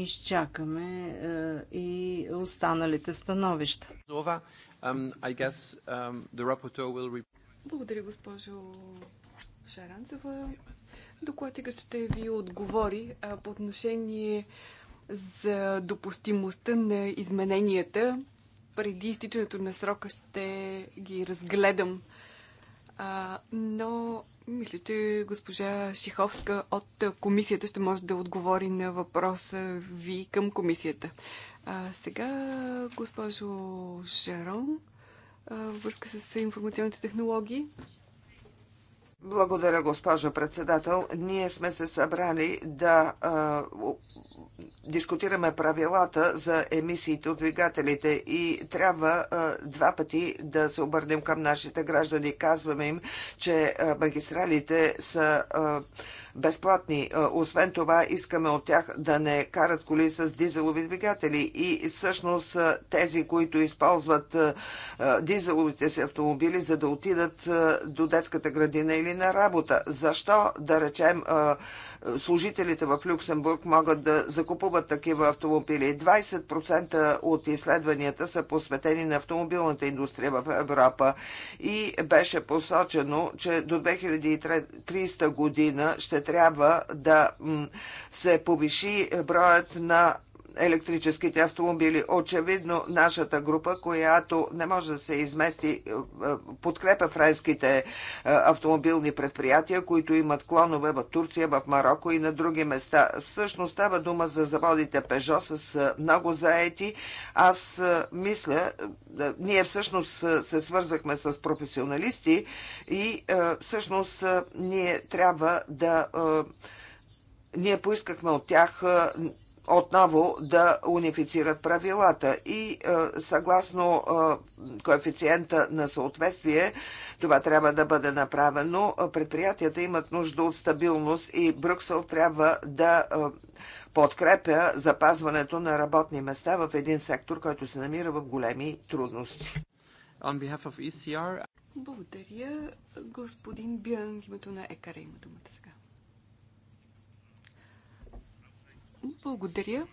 изчакаме е, и останалите становища. Благодаря, госпожо Шаранцева. Докладчикът ще ви отговори а, по отношение за допустимостта на измененията. Преди изтичането на срока ще ги разгледам. А, но мисля, че госпожа Шиховска от комисията ще може да отговори на въпроса ви към комисията. А сега, госпожо Жерон, връзка с информационните технологии. Благодаря, госпожа председател. Ние сме се събрали да а, дискутираме правилата за емисиите от двигателите и трябва а, два пъти да се обърнем към нашите граждани. Казваме им, че а, магистралите са. А, безплатни. Е, освен това, искаме от тях да не карат коли с дизелови двигатели. И всъщност е, тези, които използват е, дизеловите си автомобили, за да отидат до детската градина или на работа. Защо, да речем, служителите в Люксембург могат да закупуват такива автомобили. 20% от изследванията са посветени на автомобилната индустрия в Европа и беше посочено, че до 2030 година ще трябва да се повиши броят на електрическите автомобили. Очевидно, нашата група, която не може да се измести, е, е, подкрепя френските е, автомобилни предприятия, които имат клонове в Турция, в Марокко и на други места. Всъщност става дума за заводите Пежо с много заети. Аз мисля, ние всъщност се свързахме с професионалисти и всъщност ние трябва да ние поискахме от тях отново да унифицират правилата и е, съгласно е, коефициента на съответствие това трябва да бъде направено. Предприятията имат нужда от стабилност и Брюксел трябва да е, подкрепя запазването на работни места в един сектор, който се намира в големи трудности. ECR... E Благодаря, господин Бирн. Името на ЕКАРА има думата сега. Благодаря.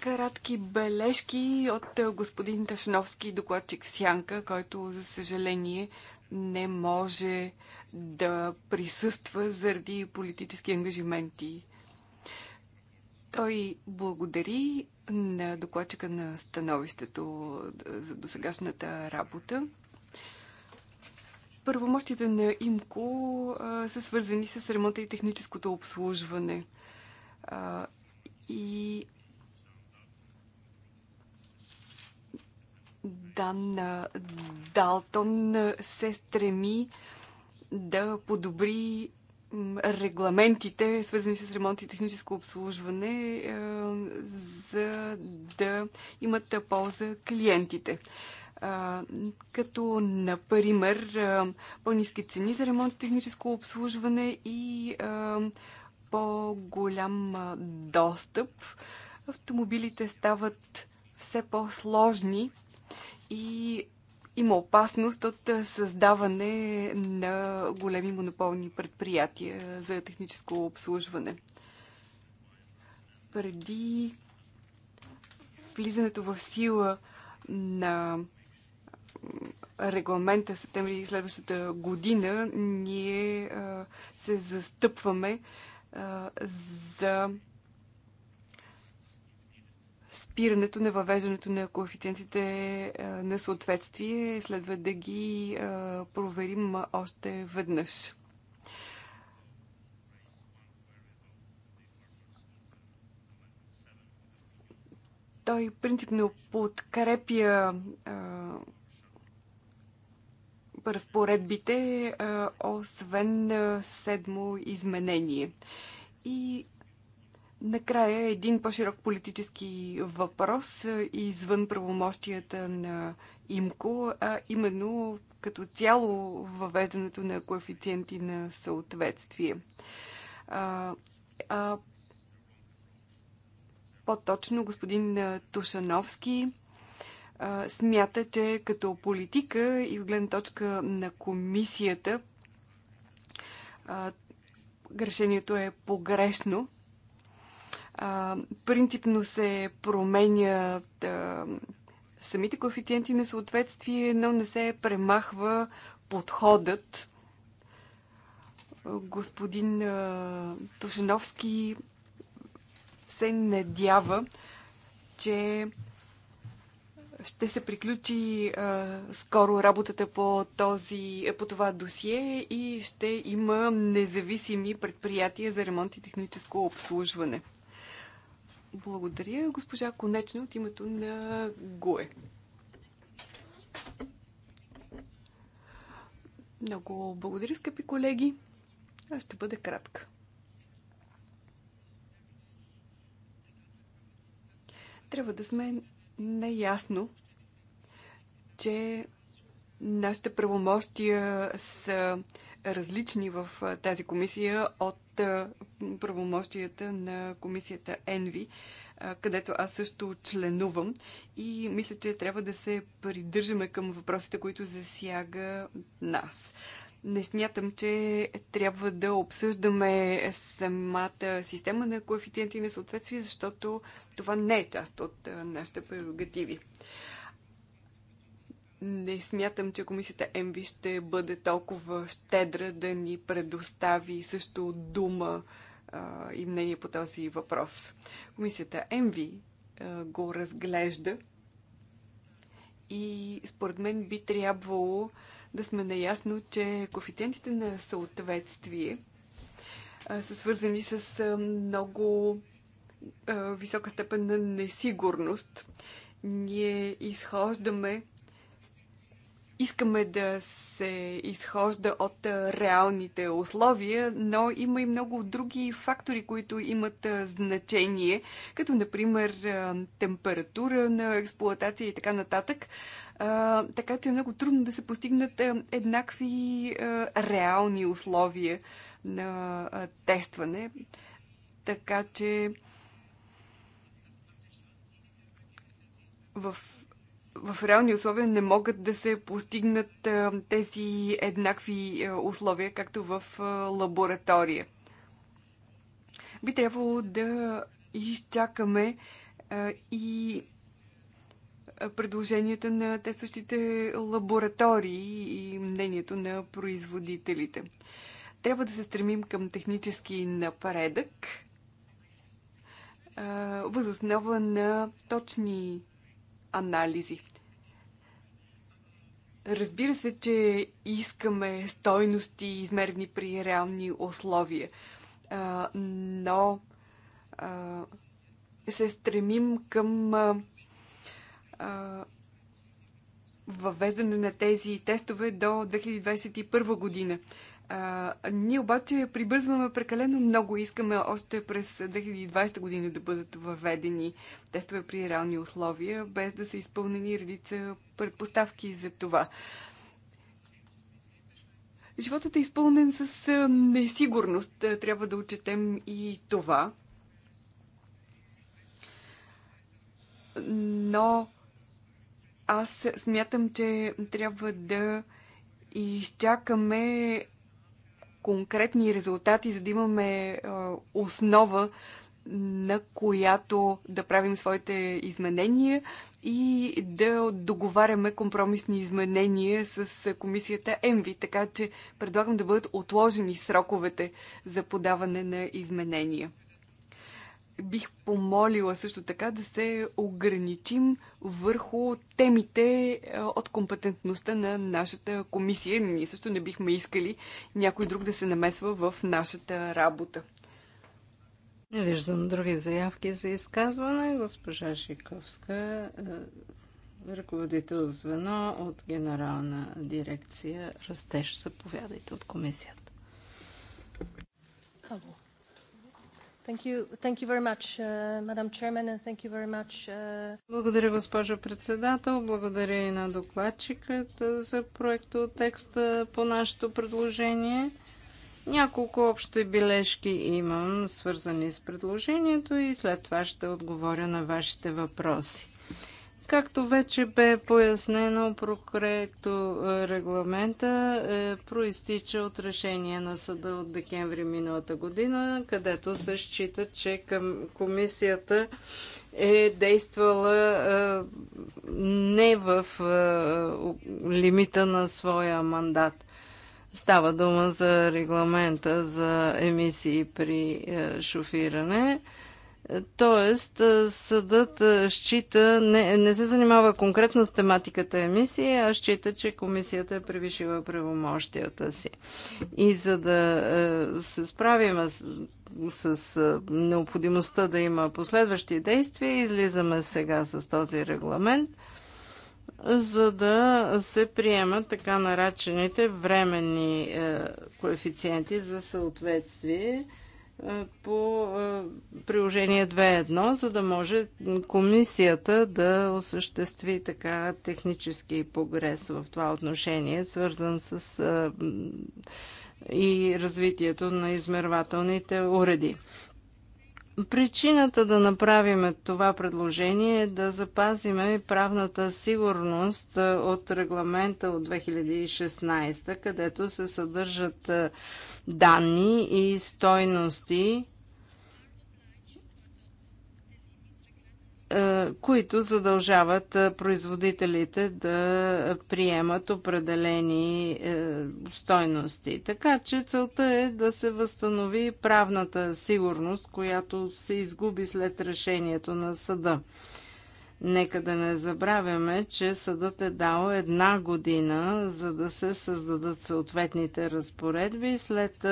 Кратки бележки от господин Ташновски, докладчик в Сянка, който, за съжаление, не може да присъства заради политически ангажименти. Той благодари на докладчика на становището за досегашната работа. Първомощите на ИМКО са свързани с ремонта и техническото обслужване – а, и Дан Далтон се стреми да подобри регламентите, свързани с ремонт и техническо обслужване, за да имат полза клиентите. Като, например, по-низки цени за ремонт и техническо обслужване и по-голям достъп, автомобилите стават все по-сложни и има опасност от създаване на големи монополни предприятия за техническо обслужване. Преди влизането в сила на регламента септември следващата година, ние се застъпваме за спирането на въвеждането на коефициентите на съответствие. Следва да ги проверим още веднъж. Той принципно подкрепя разпоредбите, освен седмо изменение. И накрая един по-широк политически въпрос извън правомощията на ИМКО, а именно като цяло въвеждането на коефициенти на съответствие. А, а, по-точно господин Тушановски смята, че като политика и в гледна точка на комисията грешението е погрешно. Принципно се променя самите коефициенти на съответствие, но не се премахва подходът. Господин Тушеновски се надява, че ще се приключи а, скоро работата по, този, по това досие и ще има независими предприятия за ремонт и техническо обслужване. Благодаря, госпожа Конечна, от името на ГУЕ. Много благодаря, скъпи колеги. Аз ще бъда кратка. Трябва да сме наясно, че нашите правомощия са различни в тази комисия от правомощията на комисията ЕНВИ, където аз също членувам и мисля, че трябва да се придържаме към въпросите, които засяга нас. Не смятам, че трябва да обсъждаме самата система на коефициенти на съответствие, защото това не е част от нашите прерогативи. Не смятам, че комисията МВ ще бъде толкова щедра да ни предостави също дума а, и мнение по този въпрос. Комисията МВ го разглежда и според мен би трябвало а, да сме наясно, че коефициентите на съответствие а, са свързани с а, много а, висока степен на несигурност. Ние изхождаме Искаме да се изхожда от реалните условия, но има и много други фактори, които имат значение, като например температура на експлоатация и така нататък. Така че е много трудно да се постигнат еднакви реални условия на тестване. Така че в в реални условия не могат да се постигнат тези еднакви условия, както в лаборатория. Би трябвало да изчакаме и предложенията на тестващите лаборатории и мнението на производителите. Трябва да се стремим към технически напредък възоснова на точни анализи. Разбира се, че искаме стойности, измерени при реални условия, но се стремим към въвеждане на тези тестове до 2021 година. А, ние обаче прибързваме прекалено много. и Искаме още през 2020 година да бъдат въведени тестове при реални условия, без да са изпълнени редица предпоставки за това. Животът е изпълнен с несигурност. Трябва да отчетем и това. Но аз смятам, че трябва да изчакаме конкретни резултати, за да имаме основа, на която да правим своите изменения и да договаряме компромисни изменения с комисията ЕМВИ. Така че предлагам да бъдат отложени сроковете за подаване на изменения бих помолила също така да се ограничим върху темите е, от компетентността на нашата комисия. Ние също не бихме искали някой друг да се намесва в нашата работа. Не виждам други заявки за изказване. Госпожа Шиковска, е, ръководител звено от Генерална дирекция Растеж. Заповядайте от комисията. Алло. Thank you, thank you much, uh, much, uh... Благодаря, госпожо председател. Благодаря и на докладчиката за проекто текста по нашето предложение. Няколко общи бележки имам, свързани с предложението и след това ще отговоря на вашите въпроси. Както вече бе пояснено, прокрето е, регламента е, проистича от решение на съда от декември миналата година, където се счита, че към комисията е действала е, не в е, лимита на своя мандат. Става дума за регламента за емисии при е, шофиране – Тоест, съдът счита, не, не се занимава конкретно с тематиката емисии, а счита, че комисията е превишила правомощията си. И за да се справим с, с необходимостта да има последващи действия, излизаме сега с този регламент, за да се приемат така наречените временни коефициенти за съответствие е, по е, приложение 2.1, за да може комисията да осъществи така технически прогрес в това отношение, свързан с е, и развитието на измервателните уреди. Причината да направим това предложение е да запазиме правната сигурност е, от регламента от 2016, където се съдържат е, данни и стойности, Е, които задължават е, производителите да приемат определени е, стойности. Така че целта е да се възстанови правната сигурност, която се изгуби след решението на съда. Нека да не забравяме, че съдът е дал една година, за да се създадат съответните разпоредби след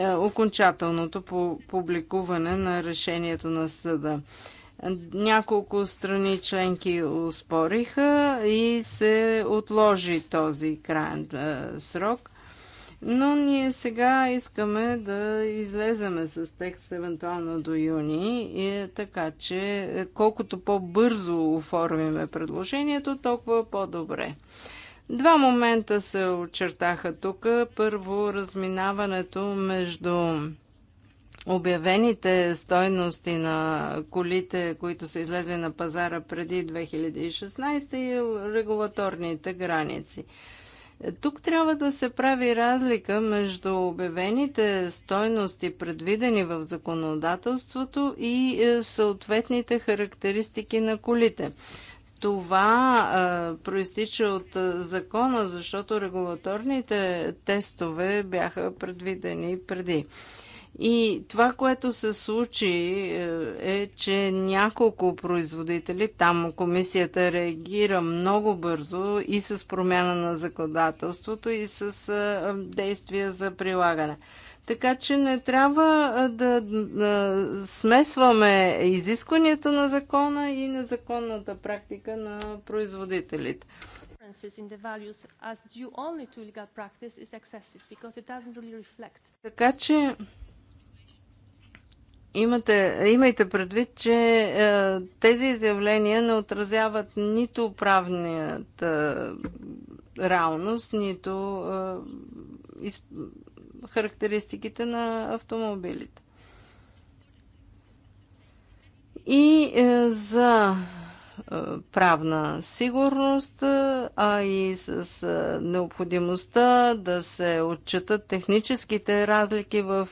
окончателното публикуване на решението на съда. Няколко страни членки успориха и се отложи този крайен срок. Но ние сега искаме да излеземе с текст евентуално до юни, и, е, така че е, колкото по-бързо оформиме предложението, толкова по-добре. Два момента се очертаха тук. Първо, разминаването между обявените стойности на колите, които са излезли на пазара преди 2016 и регулаторните граници. Тук трябва да се прави разлика между обявените стойности, предвидени в законодателството и е, съответните характеристики на колите. Това а, е, проистича от а, е, закона, защото регулаторните тестове бяха предвидени преди. И това, което се случи е, е, че няколко производители, там комисията реагира много бързо и с промяна на законодателството и с е, действия за прилагане. Така че не трябва е, да, смесваме изискванията на закона и незаконната практика на производителите Така че Имате, имайте предвид, че е, тези изявления не отразяват нито правната е, реалност, нито е, из, характеристиките на автомобилите. И е, за правна сигурност, а и с необходимостта да се отчитат техническите разлики в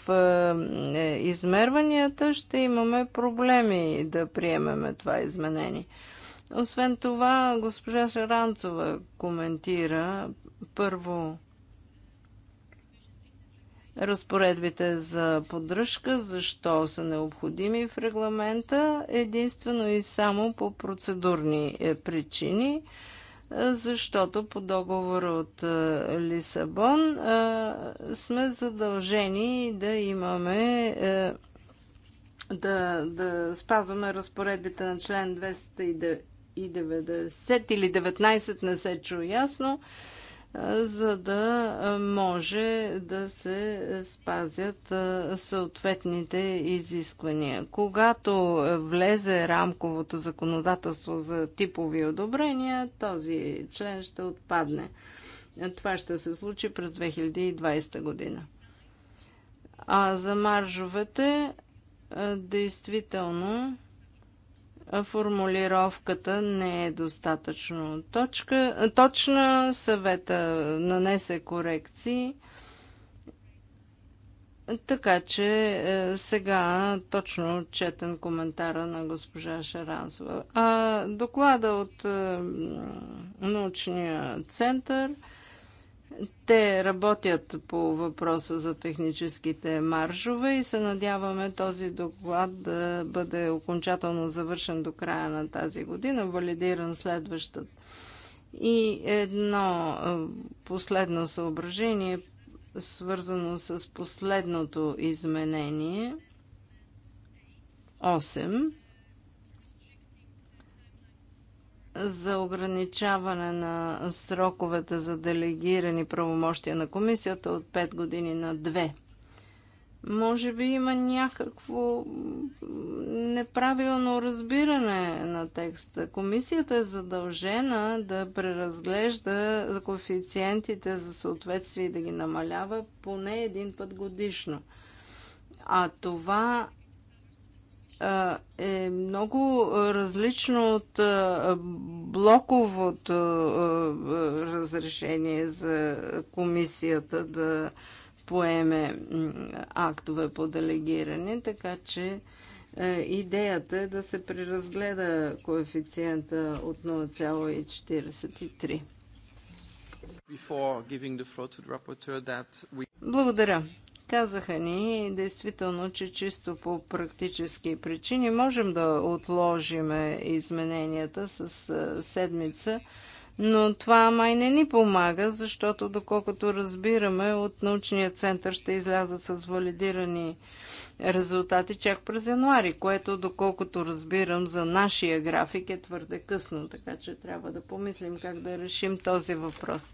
е, измерванията, ще имаме проблеми да приемеме това изменение. Освен това, госпожа Шаранцова коментира първо разпоредбите за поддръжка, защо са необходими в регламента, единствено и само по процедурни е, причини, е, защото по договора от е, Лисабон сме задължени да имаме да, да спазваме разпоредбите на член 290 или 19, не се чу ясно, за да може да се спазят съответните изисквания. Когато влезе рамковото законодателство за типови одобрения, този член ще отпадне. Това ще се случи през 2020 година. А за маржовете, действително, Формулировката не е достатъчно точка, точна. Съвета нанесе корекции. Така че е, сега точно четен коментара на госпожа Шаранцева. А доклада от е, научния център – те работят по въпроса за техническите маржове и се надяваме този доклад да бъде окончателно завършен до края на тази година, валидиран следващата. И едно последно съображение, свързано с последното изменение 8 за ограничаване на сроковете за делегирани правомощия на комисията от 5 години на 2. Може би има някакво неправилно разбиране на текста. Комисията е задължена да преразглежда коефициентите за съответствие и да ги намалява поне един път годишно. А това е много различно от блоковото разрешение за комисията да поеме актове по делегиране, така че идеята е да се преразгледа коефициента от 0,43. We... Благодаря. Казаха ни действително, че чисто по практически причини можем да отложим измененията с седмица, но това май не ни помага, защото доколкото разбираме, от научния център ще излязат с валидирани резултати чак през януари, което доколкото разбирам за нашия график е твърде късно, така че трябва да помислим как да решим този въпрос.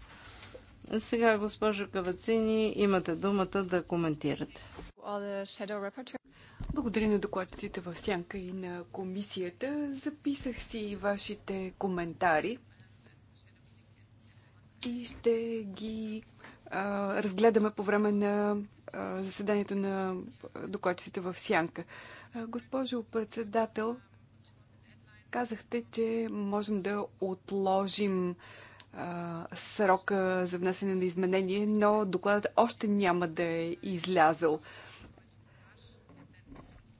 Сега, госпожо Кавацини, имате думата да коментирате. Благодаря на докладчиците в Сянка и на комисията. Записах си вашите коментари и ще ги а, разгледаме по време на а, заседанието на докладчиците в Сянка. А, госпожо председател, казахте, че можем да отложим а, срока за внасяне на изменение, но докладът още няма да е излязъл.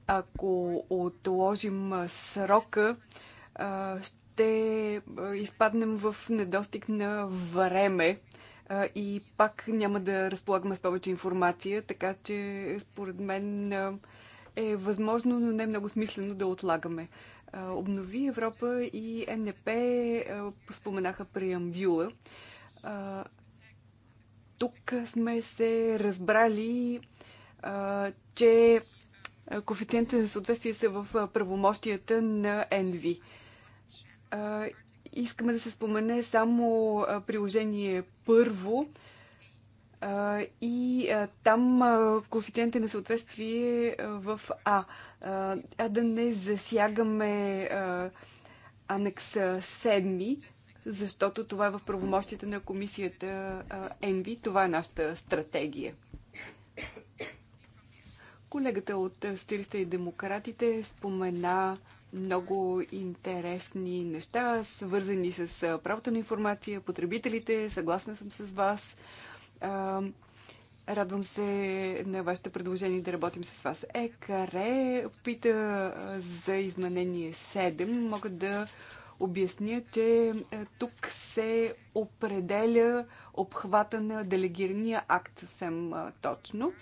Ако отложим срока, ще изпаднем в недостиг на време и пак няма да разполагаме с повече информация, така че според мен е възможно, но не е много смислено да отлагаме. Обнови Европа и НП споменаха преамбюла. Тук сме се разбрали, че коефициентът за съответствие са в правомощията на НВ. Искаме да се спомене само приложение първо, и там коефициентът е на съответствие в А. А, да не засягаме анекс 7, защото това е в правомощите на комисията ЕНВИ. Това е нашата стратегия. Колегата от Социалиста и демократите спомена много интересни неща, свързани с правото на информация, потребителите. Съгласна съм с вас. Радвам се на вашето предложение да работим с вас. Екаре пита за изменение 7. Мога да обясня, че тук се определя обхвата на делегирания акт съвсем точно.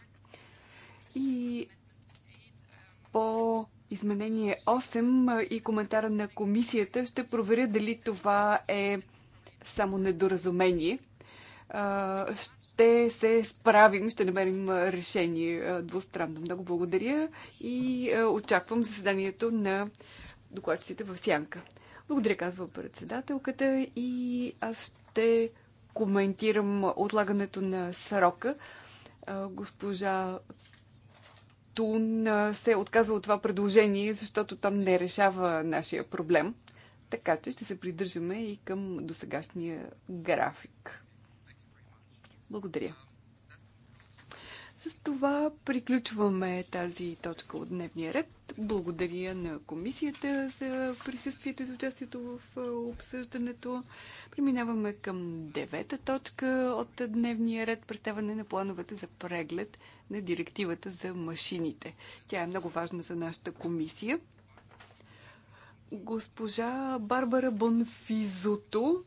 И по изменение 8 и коментара на комисията ще проверя дали това е само недоразумение. Ще ще се справим, ще намерим решение двустранно. Много благодаря и очаквам заседанието на докладчиците в Сянка. Благодаря, казва председателката и аз ще коментирам отлагането на срока. Госпожа Тун се е отказва от това предложение, защото там не решава нашия проблем. Така че ще се придържаме и към досегашния график. Благодаря. С това приключваме тази точка от дневния ред. Благодаря на комисията за присъствието и за участието в обсъждането. Преминаваме към девета точка от дневния ред представяне на плановете за преглед на директивата за машините. Тя е много важна за нашата комисия. Госпожа Барбара Бонфизото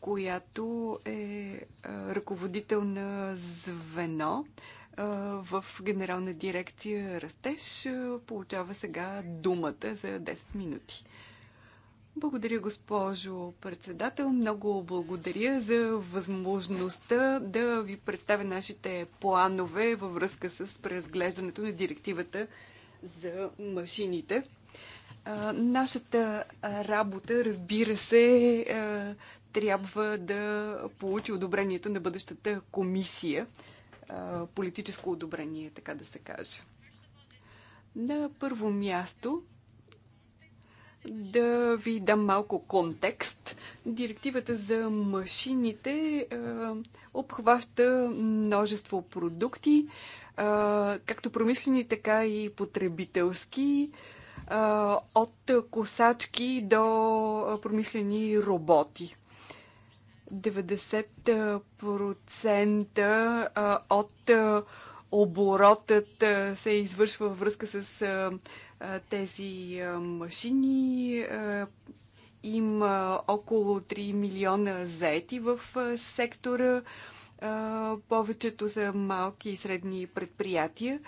която е, е ръководител на звено е, в Генерална дирекция Растеж. Е, получава сега думата за 10 минути. Благодаря, госпожо председател. Много благодаря за възможността да ви представя нашите планове във връзка с преразглеждането на директивата за машините. Нашата работа, разбира се, трябва да получи одобрението на бъдещата комисия, политическо одобрение, така да се каже. На първо място да ви дам малко контекст. Директивата за машините е, обхваща множество продукти, е, както промишлени, така и потребителски, е, от косачки до промишлени роботи. 90% от оборотът се извършва във връзка с тези машини. Има около 3 милиона заети в сектора. Повечето са малки и средни предприятия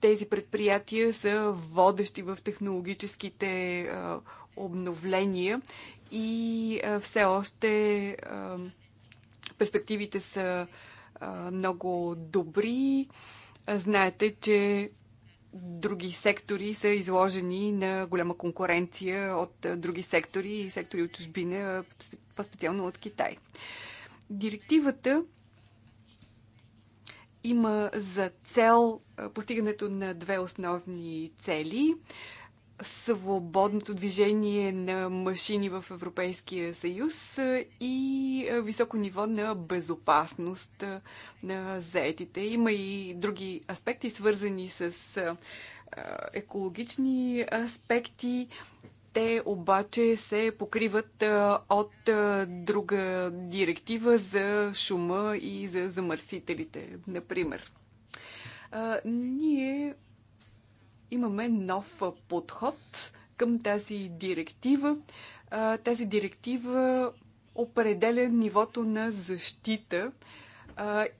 тези предприятия са водещи в технологическите обновления и все още перспективите са много добри. Знаете, че други сектори са изложени на голяма конкуренция от други сектори и сектори от чужбина, по-специално от Китай. Директивата има за цел постигането на две основни цели свободното движение на машини в Европейския съюз и високо ниво на безопасност на заетите. Има и други аспекти, свързани с екологични аспекти. Те обаче се покриват от друга директива за шума и за замърсителите, например. Ние имаме нов подход към тази директива. Тази директива определя нивото на защита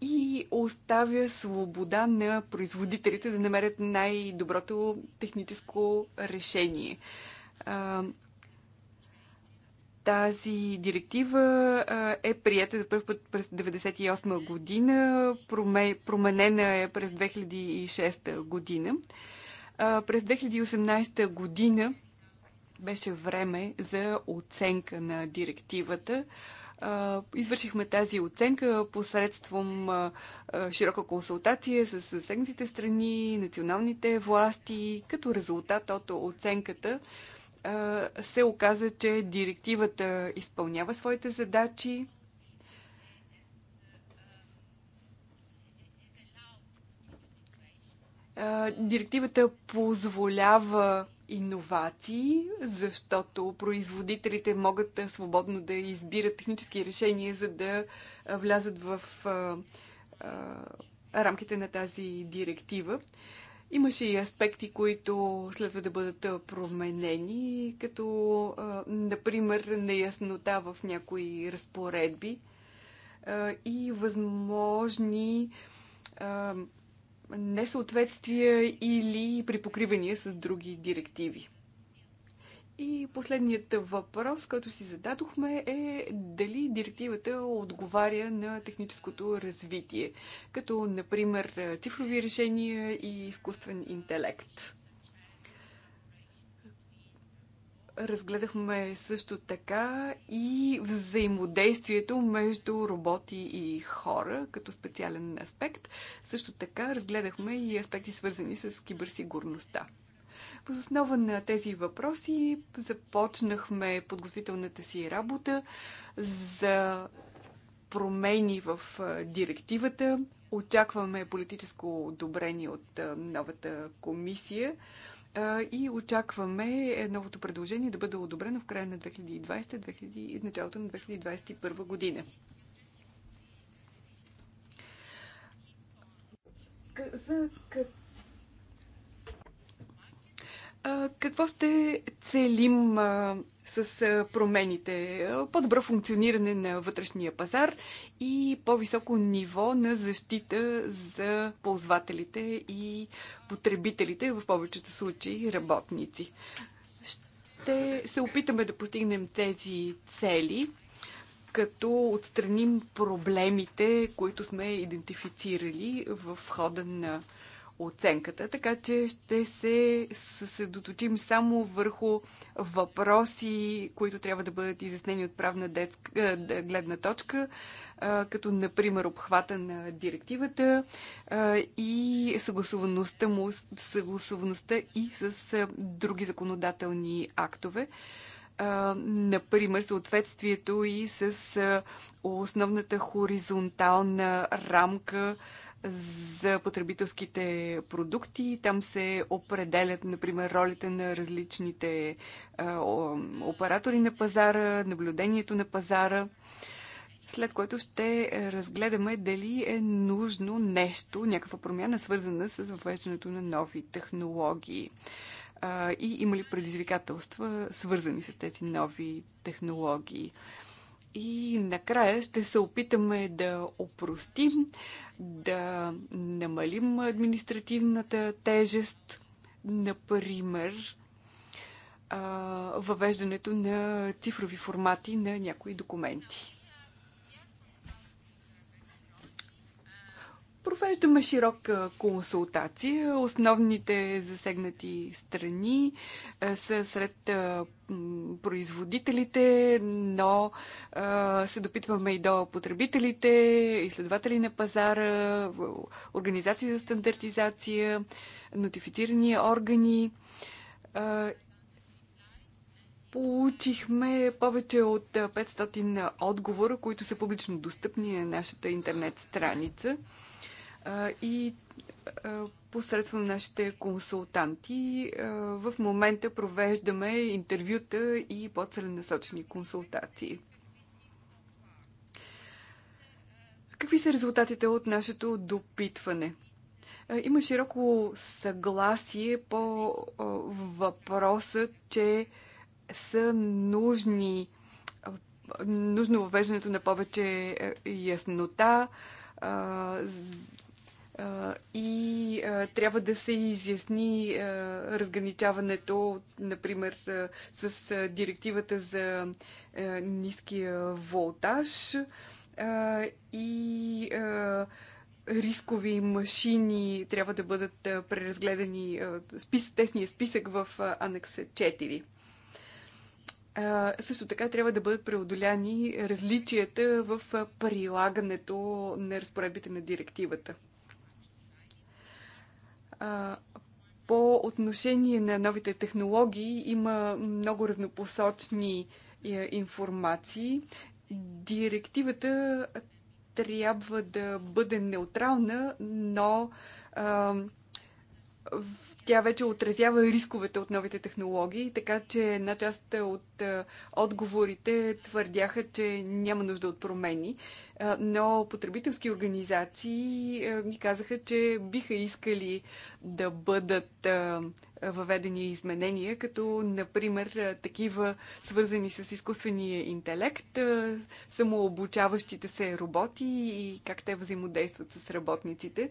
и оставя свобода на производителите да намерят най-доброто техническо решение тази директива е прията за първ път през 1998 година, променена е през 2006 година. През 2018 година беше време за оценка на директивата. Извършихме тази оценка посредством широка консултация с съседните страни, националните власти. Като резултат от оценката се оказа, че директивата изпълнява своите задачи, Директивата позволява иновации, защото производителите могат свободно да избират технически решения, за да влязат в рамките на тази директива. Имаше и аспекти, които следва да бъдат променени, като, например, неяснота в някои разпоредби и възможни несъответствия или припокривания с други директиви. И последният въпрос, който си зададохме е дали директивата отговаря на техническото развитие, като например цифрови решения и изкуствен интелект. Разгледахме също така и взаимодействието между роботи и хора като специален аспект. Също така разгледахме и аспекти свързани с киберсигурността. Въз основа на тези въпроси започнахме подготвителната си работа за промени в директивата. Очакваме политическо одобрение от новата комисия и очакваме е, новото предложение да бъде одобрено в края на 2020 и началото на 2021 година. За как какво ще целим с промените? По-добро функциониране на вътрешния пазар и по-високо ниво на защита за ползвателите и потребителите, в повечето случаи работници. Ще се опитаме да постигнем тези цели, като отстраним проблемите, които сме идентифицирали в хода на оценката, така че ще се съсредоточим само върху въпроси, които трябва да бъдат изяснени от правна детска, е, гледна точка, е, като например обхвата на директивата е, и съгласуваността, му, съгласуваността и с други законодателни актове например, съответствието и с основната хоризонтална рамка за потребителските продукти. Там се определят, например, ролите на различните а, оператори на пазара, наблюдението на пазара, след което ще разгледаме дали е нужно нещо, някаква промяна, свързана с въвеждането на нови технологии а, и има ли предизвикателства, свързани с тези нови технологии. И накрая ще се опитаме да опростим да намалим административната тежест, например, въвеждането на цифрови формати на някои документи. Провеждаме широка консултация. Основните засегнати страни са сред производителите, но се допитваме и до потребителите, изследователи на пазара, организации за стандартизация, нотифицирани органи. Получихме повече от 500 отговора, които са публично достъпни на нашата интернет страница и посредством нашите консултанти. В момента провеждаме интервюта и по-целенасочени консултации. Какви са резултатите от нашето допитване? Има широко съгласие по въпроса, че са нужни нужно въвеждането на повече яснота и трябва да се изясни разграничаването, например, с директивата за ниския волтаж и рискови машини трябва да бъдат преразгледани спис, техния списък в анекс 4. Също така трябва да бъдат преодоляни различията в прилагането на разпоредбите на директивата по отношение на новите технологии има много разнопосочни е, информации. Директивата трябва да бъде неутрална, но а, тя вече отразява рисковете от новите технологии, така че една част от е, отговорите твърдяха, че няма нужда от промени, е, но потребителски организации е, ни казаха, че биха искали да бъдат въведени изменения, като например такива свързани с изкуствения интелект, самообучаващите се роботи и как те взаимодействат с работниците.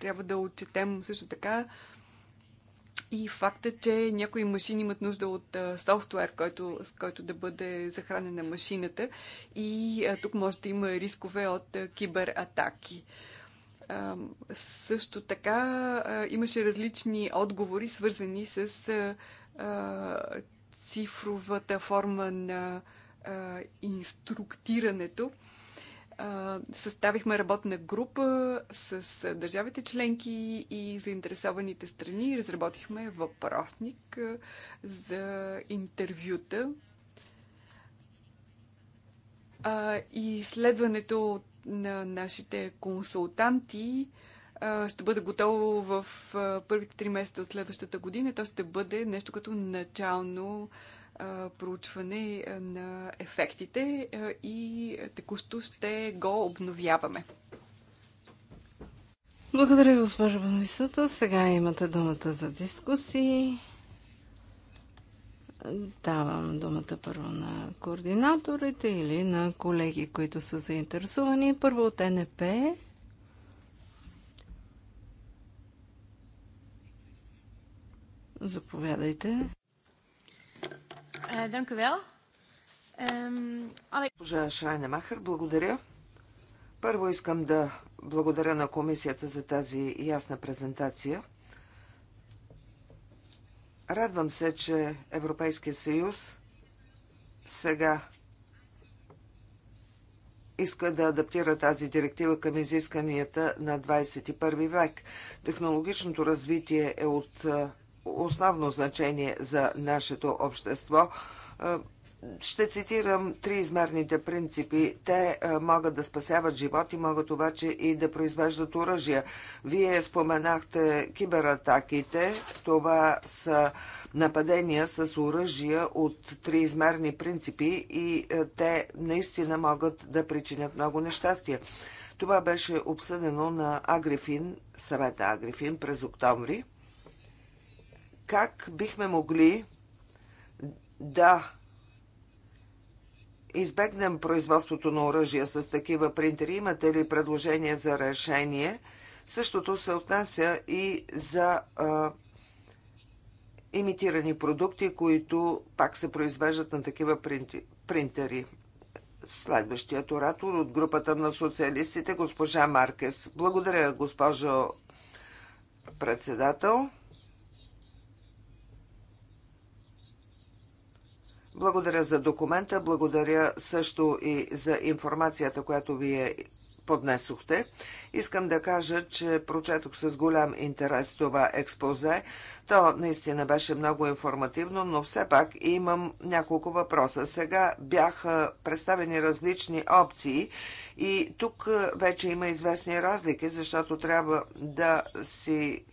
Трябва да отчетем също така и факта, е, че някои машини имат нужда от софтуер, който, с който да бъде захранена машината. И тук може да има рискове от кибератаки. Също така имаше различни отговори, свързани с цифровата форма на инструктирането. Съставихме работна група с държавите членки и заинтересованите страни. Разработихме въпросник за интервюта. И следването на нашите консултанти ще бъде готово в първите три месеца от следващата година. То ще бъде нещо като начално проучване на ефектите и текущо ще го обновяваме. Благодаря, госпожо Бонвисото. Сега имате думата за дискусии. Давам думата първо на координаторите или на колеги, които са заинтересовани. Първо от НП. Заповядайте. Dank u wel. Госпожа Шрайнемахер, благодаря. Първо искам да благодаря на комисията за тази ясна презентация. Радвам се, че Европейския съюз сега иска да адаптира тази директива към изисканията на 21 век. Технологичното развитие е от е, основно значение за нашето общество. Е, ще цитирам три измерните принципи. Те е, могат да спасяват животи, могат обаче и да произвеждат оръжия. Вие споменахте кибератаките. Това са нападения с оръжия от три измерни принципи и е, те наистина могат да причинят много нещастие. Това беше обсъдено на Агрифин, съвета Агрифин през октомври как бихме могли да избегнем производството на оръжия с такива принтери? Имате ли предложение за решение? Същото се отнася и за а, имитирани продукти, които пак се произвеждат на такива принтери. Следващият оратор от групата на социалистите, госпожа Маркес. Благодаря, госпожо председател. Благодаря за документа, благодаря също и за информацията, която вие поднесохте. Искам да кажа, че прочетох с голям интерес това експозе. То наистина беше много информативно, но все пак имам няколко въпроса. Сега бяха представени различни опции и тук вече има известни разлики, защото трябва да, си,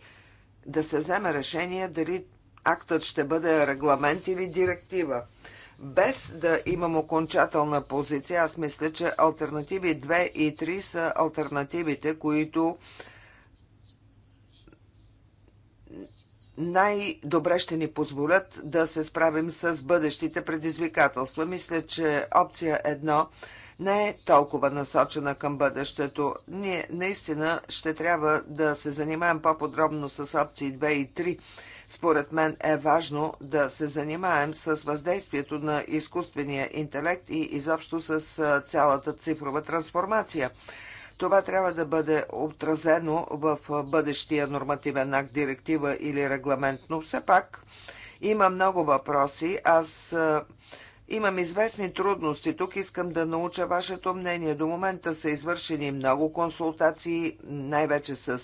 да се вземе решение дали актът ще бъде регламент или директива без да имам окончателна позиция, аз мисля, че альтернативи 2 и 3 са альтернативите, които най-добре ще ни позволят да се справим с бъдещите предизвикателства. Мисля, че опция 1 не е толкова насочена към бъдещето. Ние наистина ще трябва да се занимаем по-подробно с опции 2 и 3 според мен е важно да се занимаем с въздействието на изкуствения интелект и изобщо с цялата цифрова трансформация. Това трябва да бъде отразено в бъдещия нормативен акт, директива или регламент, но все пак има много въпроси. Аз Имам известни трудности. Тук искам да науча вашето мнение. До момента са извършени много консултации, най-вече с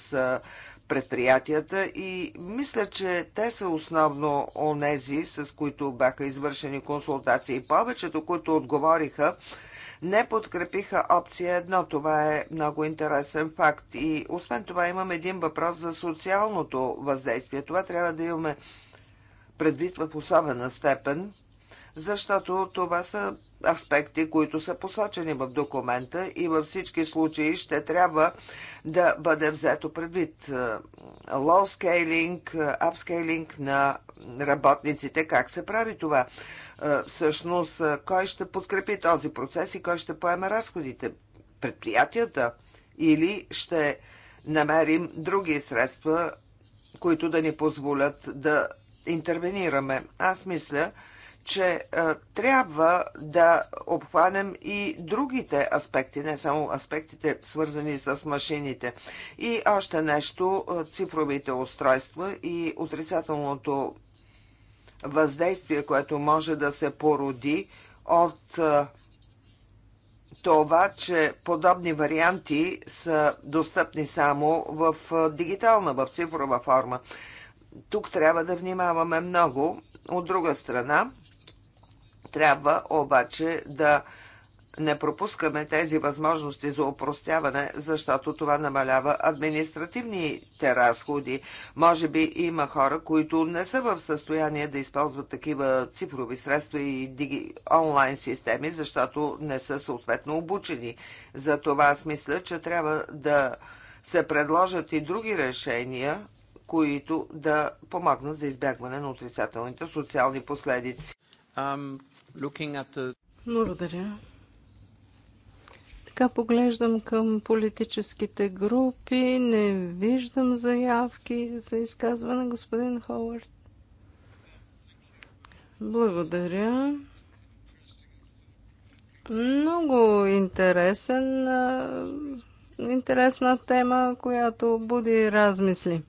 предприятията и мисля, че те са основно онези, с които бяха извършени консултации. Повечето, които отговориха, не подкрепиха опция едно. Това е много интересен факт. И освен това имам един въпрос за социалното въздействие. Това трябва да имаме предвид в особена степен, защото това са аспекти, които са посочени в документа и във всички случаи ще трябва да бъде взето предвид е, low scaling, е, upscaling на работниците. Как се прави това? Е, всъщност, кой ще подкрепи този процес и кой ще поеме разходите? Предприятията или ще намерим други средства, които да ни позволят да интервенираме? Аз мисля, че е, трябва да обхванем и другите аспекти, не само аспектите свързани с машините. И още нещо, е, цифровите устройства и отрицателното въздействие, което може да се породи от е, това, че подобни варианти са достъпни само в дигитална, в цифрова форма. Тук трябва да внимаваме много. От друга страна, трябва обаче да не пропускаме тези възможности за упростяване, защото това намалява административните разходи. Може би има хора, които не са в състояние да използват такива цифрови средства и диги... онлайн системи, защото не са съответно обучени. За това аз мисля, че трябва да се предложат и други решения, които да помогнат за избягване на отрицателните социални последици. Благодаря. Така поглеждам към политическите групи. Не виждам заявки за изказване, господин Ховард. Благодаря. Много интересен, интересна тема, която буди размисли.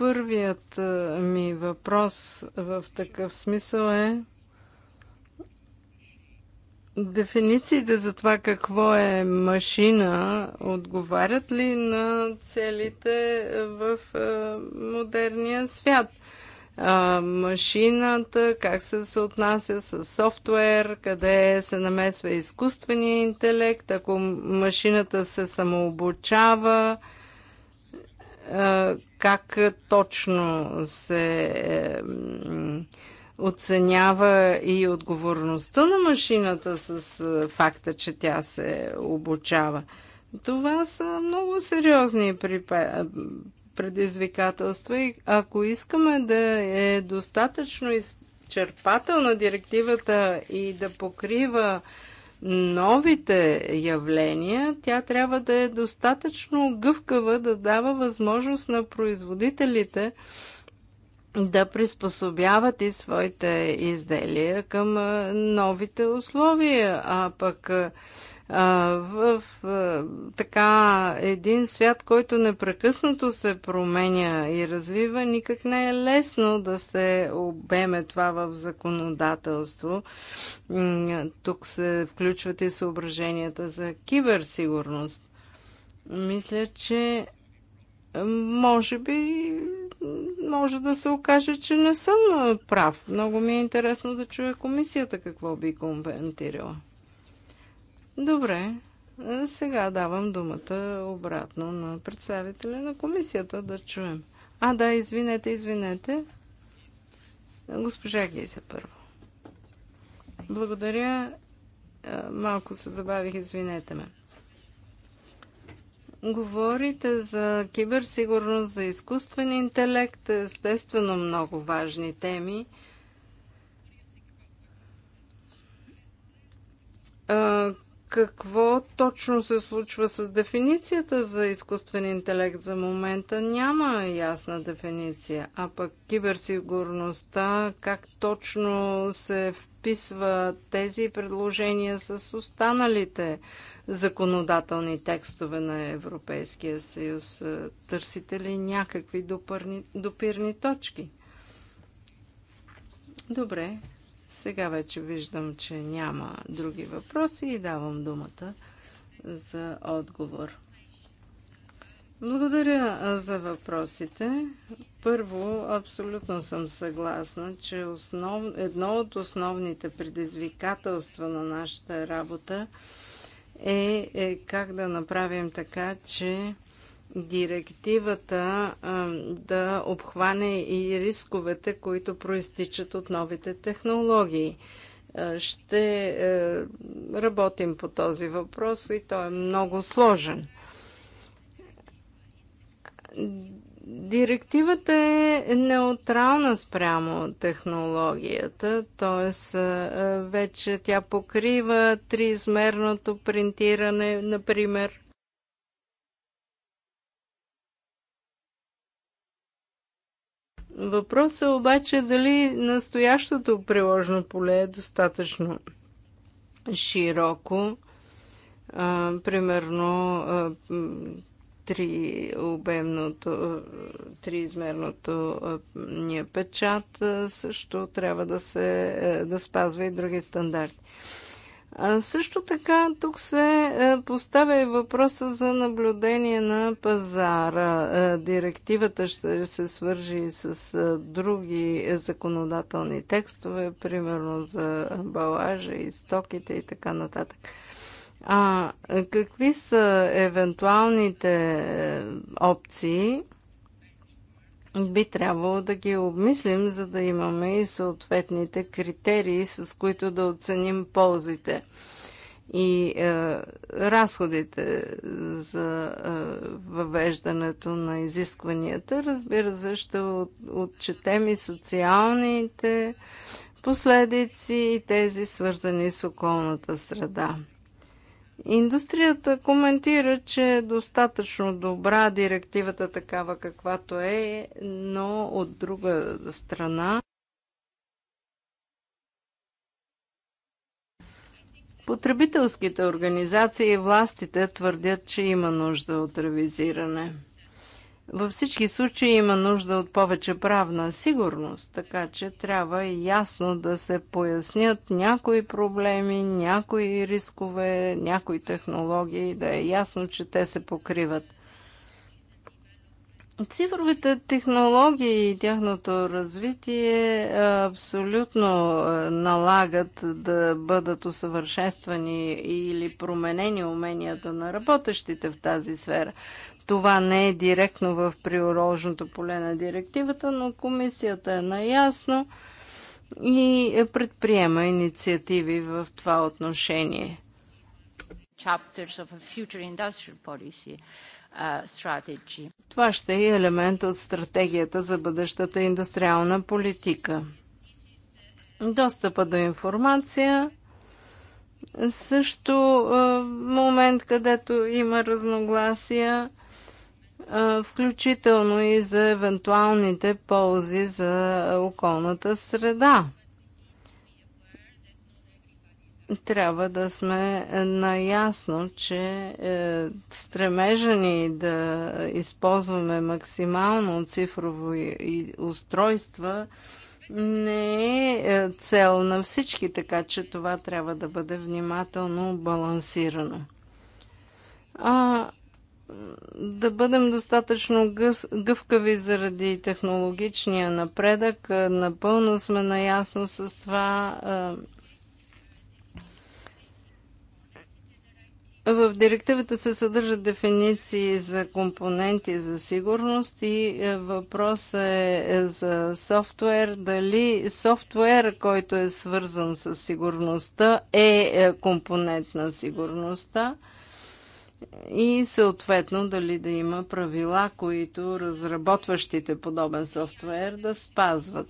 Първият ми въпрос в такъв смисъл е дефинициите за това какво е машина отговарят ли на целите в модерния свят? машината, как се съотнася с софтуер, къде се намесва изкуствения интелект, ако машината се самообучава, как точно се е, оценява и отговорността на машината с е, факта, че тя се обучава. Това са много сериозни е, предизвикателства и ако искаме да е достатъчно изчерпателна директивата и да покрива новите явления, тя трябва да е достатъчно гъвкава да дава възможност на производителите да приспособяват и своите изделия към новите условия, а пък в така един свят, който непрекъснато се променя и развива, никак не е лесно да се обеме това в законодателство. Тук се включват и съображенията за киберсигурност. Мисля, че може би може да се окаже, че не съм прав. Много ми е интересно да чуя комисията какво би коментирала. Добре, сега давам думата обратно на представителя на комисията да чуем. А, да, извинете, извинете. Госпожа Гейса първо. Благодаря. Е, малко се забавих, извинете ме. Говорите за киберсигурност, за изкуствен интелект, естествено много важни теми. Е, какво точно се случва с дефиницията за изкуствен интелект. За момента няма ясна дефиниция, а пък киберсигурността, как точно се вписва тези предложения с останалите законодателни текстове на Европейския съюз. Търсите ли някакви допърни, допирни точки? Добре, сега вече виждам, че няма други въпроси и давам думата за отговор. Благодаря за въпросите. Първо, абсолютно съм съгласна, че основ... едно от основните предизвикателства на нашата работа е, е как да направим така, че директивата да обхване и рисковете, които проистичат от новите технологии. Ще е, работим по този въпрос и той е много сложен. Директивата е неутрална спрямо технологията, т.е. вече тя покрива триизмерното принтиране, например. Въпросът е обаче дали настоящото приложено поле е достатъчно широко. А, примерно а, три обемното, триизмерното ния печат също трябва да, се, да спазва и други стандарти. Също така, тук се е, поставя и въпроса за наблюдение на пазара. Е, директивата ще се свържи с е, други законодателни текстове, примерно за балажа и стоките и така нататък. А какви са евентуалните опции? би трябвало да ги обмислим, за да имаме и съответните критерии, с които да оценим ползите и е, разходите за е, въвеждането на изискванията. Разбира се, ще от, отчетем и социалните последици и тези свързани с околната среда. Индустрията коментира, че е достатъчно добра директивата такава каквато е, но от друга страна потребителските организации и властите твърдят, че има нужда от ревизиране. Във всички случаи има нужда от повече правна сигурност, така че трябва ясно да се пояснят някои проблеми, някои рискове, някои технологии, да е ясно, че те се покриват. Цифровите технологии и тяхното развитие е, абсолютно е, налагат да бъдат усъвършенствани или променени уменията на работещите в тази сфера. Това не е директно в приорожното поле на директивата, но комисията е наясно и предприема инициативи в това отношение. Uh, това ще е елемент от стратегията за бъдещата индустриална политика. Достъпа до информация също uh, момент, където има разногласия включително и за евентуалните ползи за околната среда. Трябва да сме наясно, че е, стремежа ни да използваме максимално цифрово устройства не е, е цел на всички, така че това трябва да бъде внимателно балансирано. А, да бъдем достатъчно гъвкави заради технологичния напредък. Е, напълно сме наясно с това. Е. В директивата се съдържат дефиниции за компоненти за сигурност и е, въпросът е за софтуер. Дали софтуер, който е свързан с сигурността, е компонент на сигурността? и съответно дали да има правила, които разработващите подобен софтуер да спазват.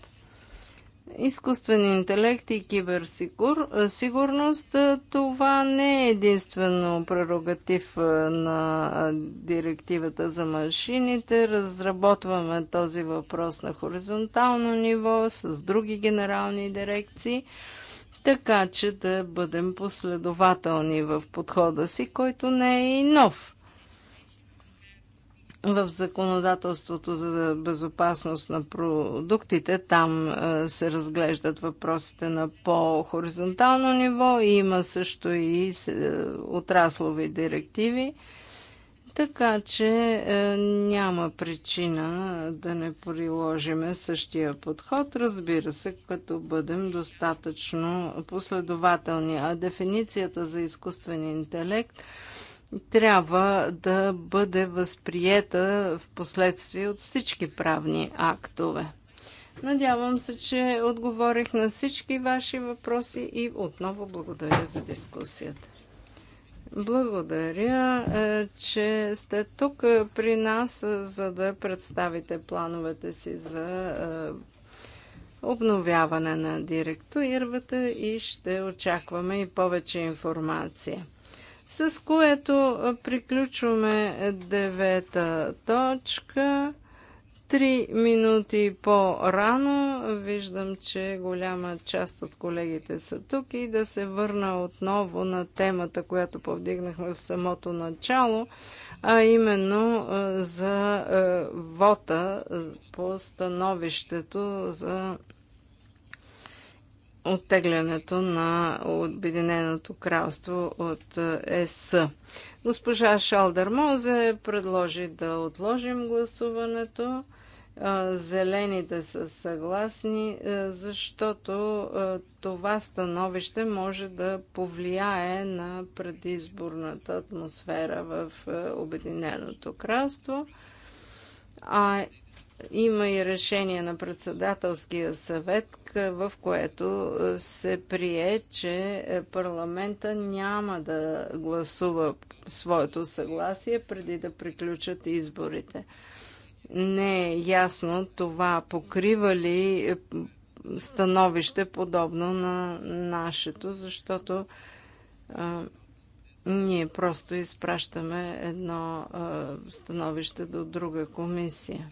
Изкуствен интелект и киберсигурност това не е единствено прерогатив на директивата за машините. Разработваме този въпрос на хоризонтално ниво с други генерални дирекции – така че да бъдем последователни в подхода си, който не е и нов. В законодателството за безопасност на продуктите там е, се разглеждат въпросите на по-хоризонтално ниво и има също и е, отраслови директиви. Така че е, няма причина да не приложиме същия подход, разбира се, като бъдем достатъчно последователни. А дефиницията за изкуствен интелект трябва да бъде възприета в последствие от всички правни актове. Надявам се, че отговорих на всички ваши въпроси и отново благодаря за дискусията. Благодаря, е, че сте тук при нас, е, за да представите плановете си за е, обновяване на директуирвата и ще очакваме и повече информация. С което приключваме девета точка. Три минути по-рано виждам, че голяма част от колегите са тук и да се върна отново на темата, която повдигнахме в самото начало, а именно е, за е, вота е, по становището за оттеглянето на Обединеното кралство от ЕС. Госпожа Шалдер Мозе предложи да отложим гласуването Зелените са съгласни, защото това становище може да повлияе на предизборната атмосфера в Обединеното кралство. А има и решение на председателския съвет, в което се прие, че е, парламента няма да гласува своето съгласие преди да приключат изборите не е ясно това покрива ли е, становище подобно на нашето, защото а, ние просто изпращаме едно а, становище до друга комисия.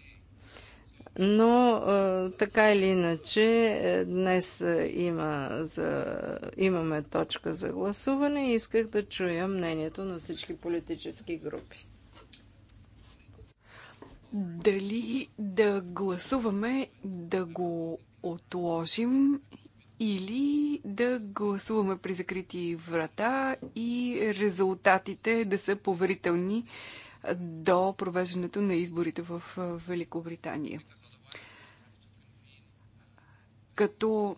Но а, така или иначе, е, днес е, има за, имаме точка за гласуване и исках да чуя мнението на всички политически групи дали да гласуваме да го отложим или да гласуваме при закрити врата и резултатите да са поверителни до провеждането на изборите в Великобритания. Като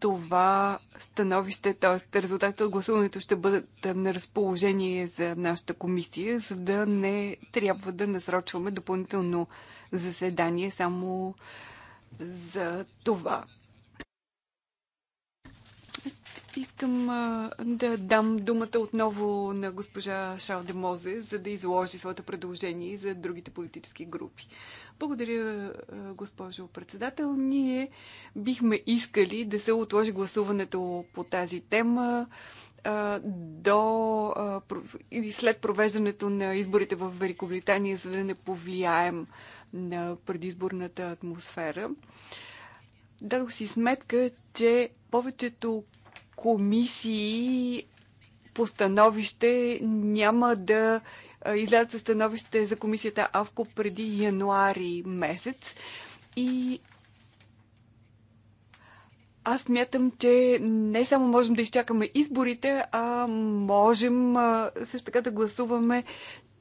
това становище, т.е. резултатите от гласуването ще бъдат на разположение за нашата комисия, за да не трябва да насрочваме допълнително заседание само за това. Искам а, да дам думата отново на госпожа Шал де Мозе, за да изложи своето предложение за другите политически групи. Благодаря, госпожо председател. Ние бихме искали да се отложи гласуването по тази тема а, до а, и след провеждането на изборите в Великобритания, за да не повлияем на предизборната атмосфера. Дадох си сметка, че повечето комисии по становище няма да излязат със становище за комисията АВКО преди януари месец. И аз смятам, че не само можем да изчакаме изборите, а можем също така да гласуваме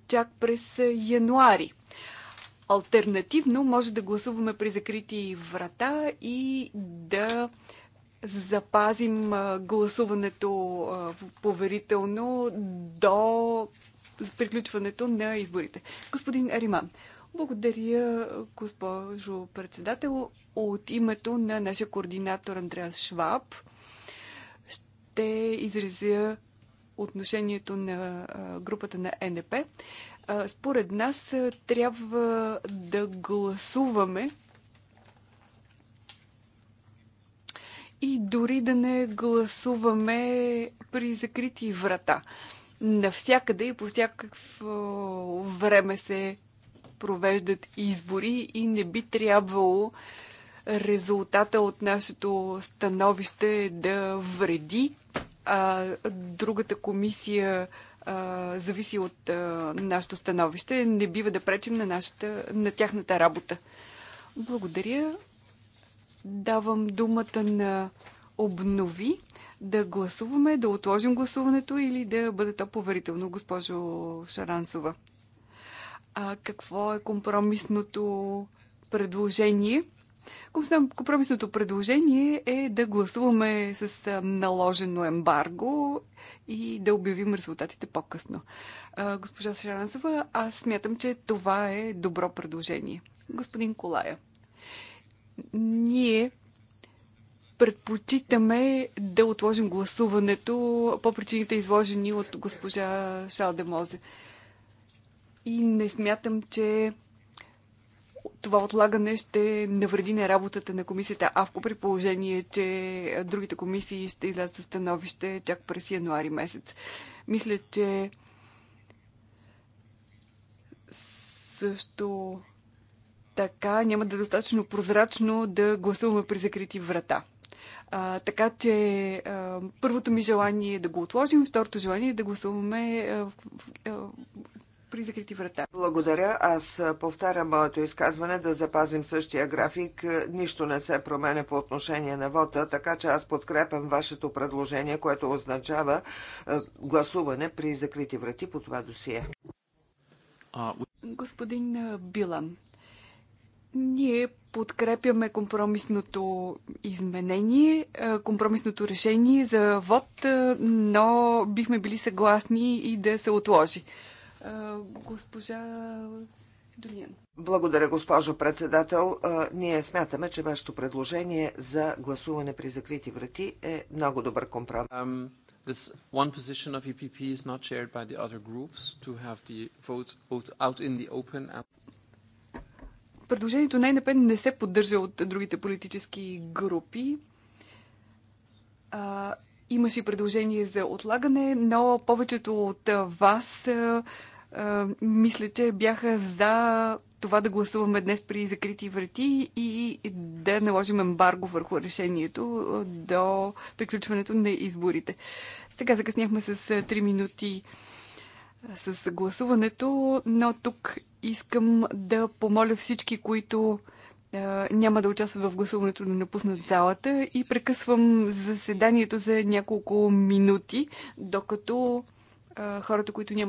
чак през януари. Алтернативно може да гласуваме при закрити врата и да запазим гласуването поверително до приключването на изборите. Господин Ариман, благодаря, госпожо председател. От името на нашия координатор Андреас Шваб ще изразя отношението на групата на НП. Според нас трябва да гласуваме и дори да не гласуваме при закрити врата. Навсякъде и по всякакво време се провеждат избори и не би трябвало резултата от нашето становище да вреди. А, другата комисия а, зависи от а, нашето становище. Не бива да пречим на, нашата, на тяхната работа. Благодаря. Давам думата на обнови да гласуваме, да отложим гласуването или да бъде то поверително, госпожо Шарансова. А какво е компромисното предложение? Компромисното предложение е да гласуваме с наложено ембарго и да обявим резултатите по-късно. Госпожа Шарансова, аз смятам, че това е добро предложение. Господин Колая. Ние предпочитаме да отложим гласуването по причините изложени от госпожа Шалдемозе. И не смятам, че това отлагане ще навреди на работата на комисията АВКО при положение, че другите комисии ще излязат със становище чак през януари месец. Мисля, че също така няма да е достатъчно прозрачно да гласуваме при закрити врата. А, така че а, първото ми желание е да го отложим, второто желание е да гласуваме а, а, при закрити врата. Благодаря. Аз повтарям моето изказване да запазим същия график. Нищо не се променя по отношение на вота, така че аз подкрепям вашето предложение, което означава а, гласуване при закрити врати по това досие. Господин Билан, ние подкрепяме компромисното изменение, компромисното решение за вод, но бихме били съгласни и да се отложи. Госпожа Долиен. Благодаря, госпожо председател. Ние смятаме, че вашето предложение за гласуване при закрити врати е много добър компромис. Um, this one position of EPP is not shared by the other groups to have the votes both out in the open. And... Предложението на НП не се поддържа от другите политически групи. А, имаше и предложение за отлагане, но повечето от вас а, а, мисля, че бяха за това да гласуваме днес при закрити врати и да наложим ембарго върху решението до приключването на изборите. Сега закъсняхме с 3 минути с гласуването, но тук искам да помоля всички, които няма да участват в гласуването, да напуснат залата и прекъсвам заседанието за няколко минути, докато хората, които няма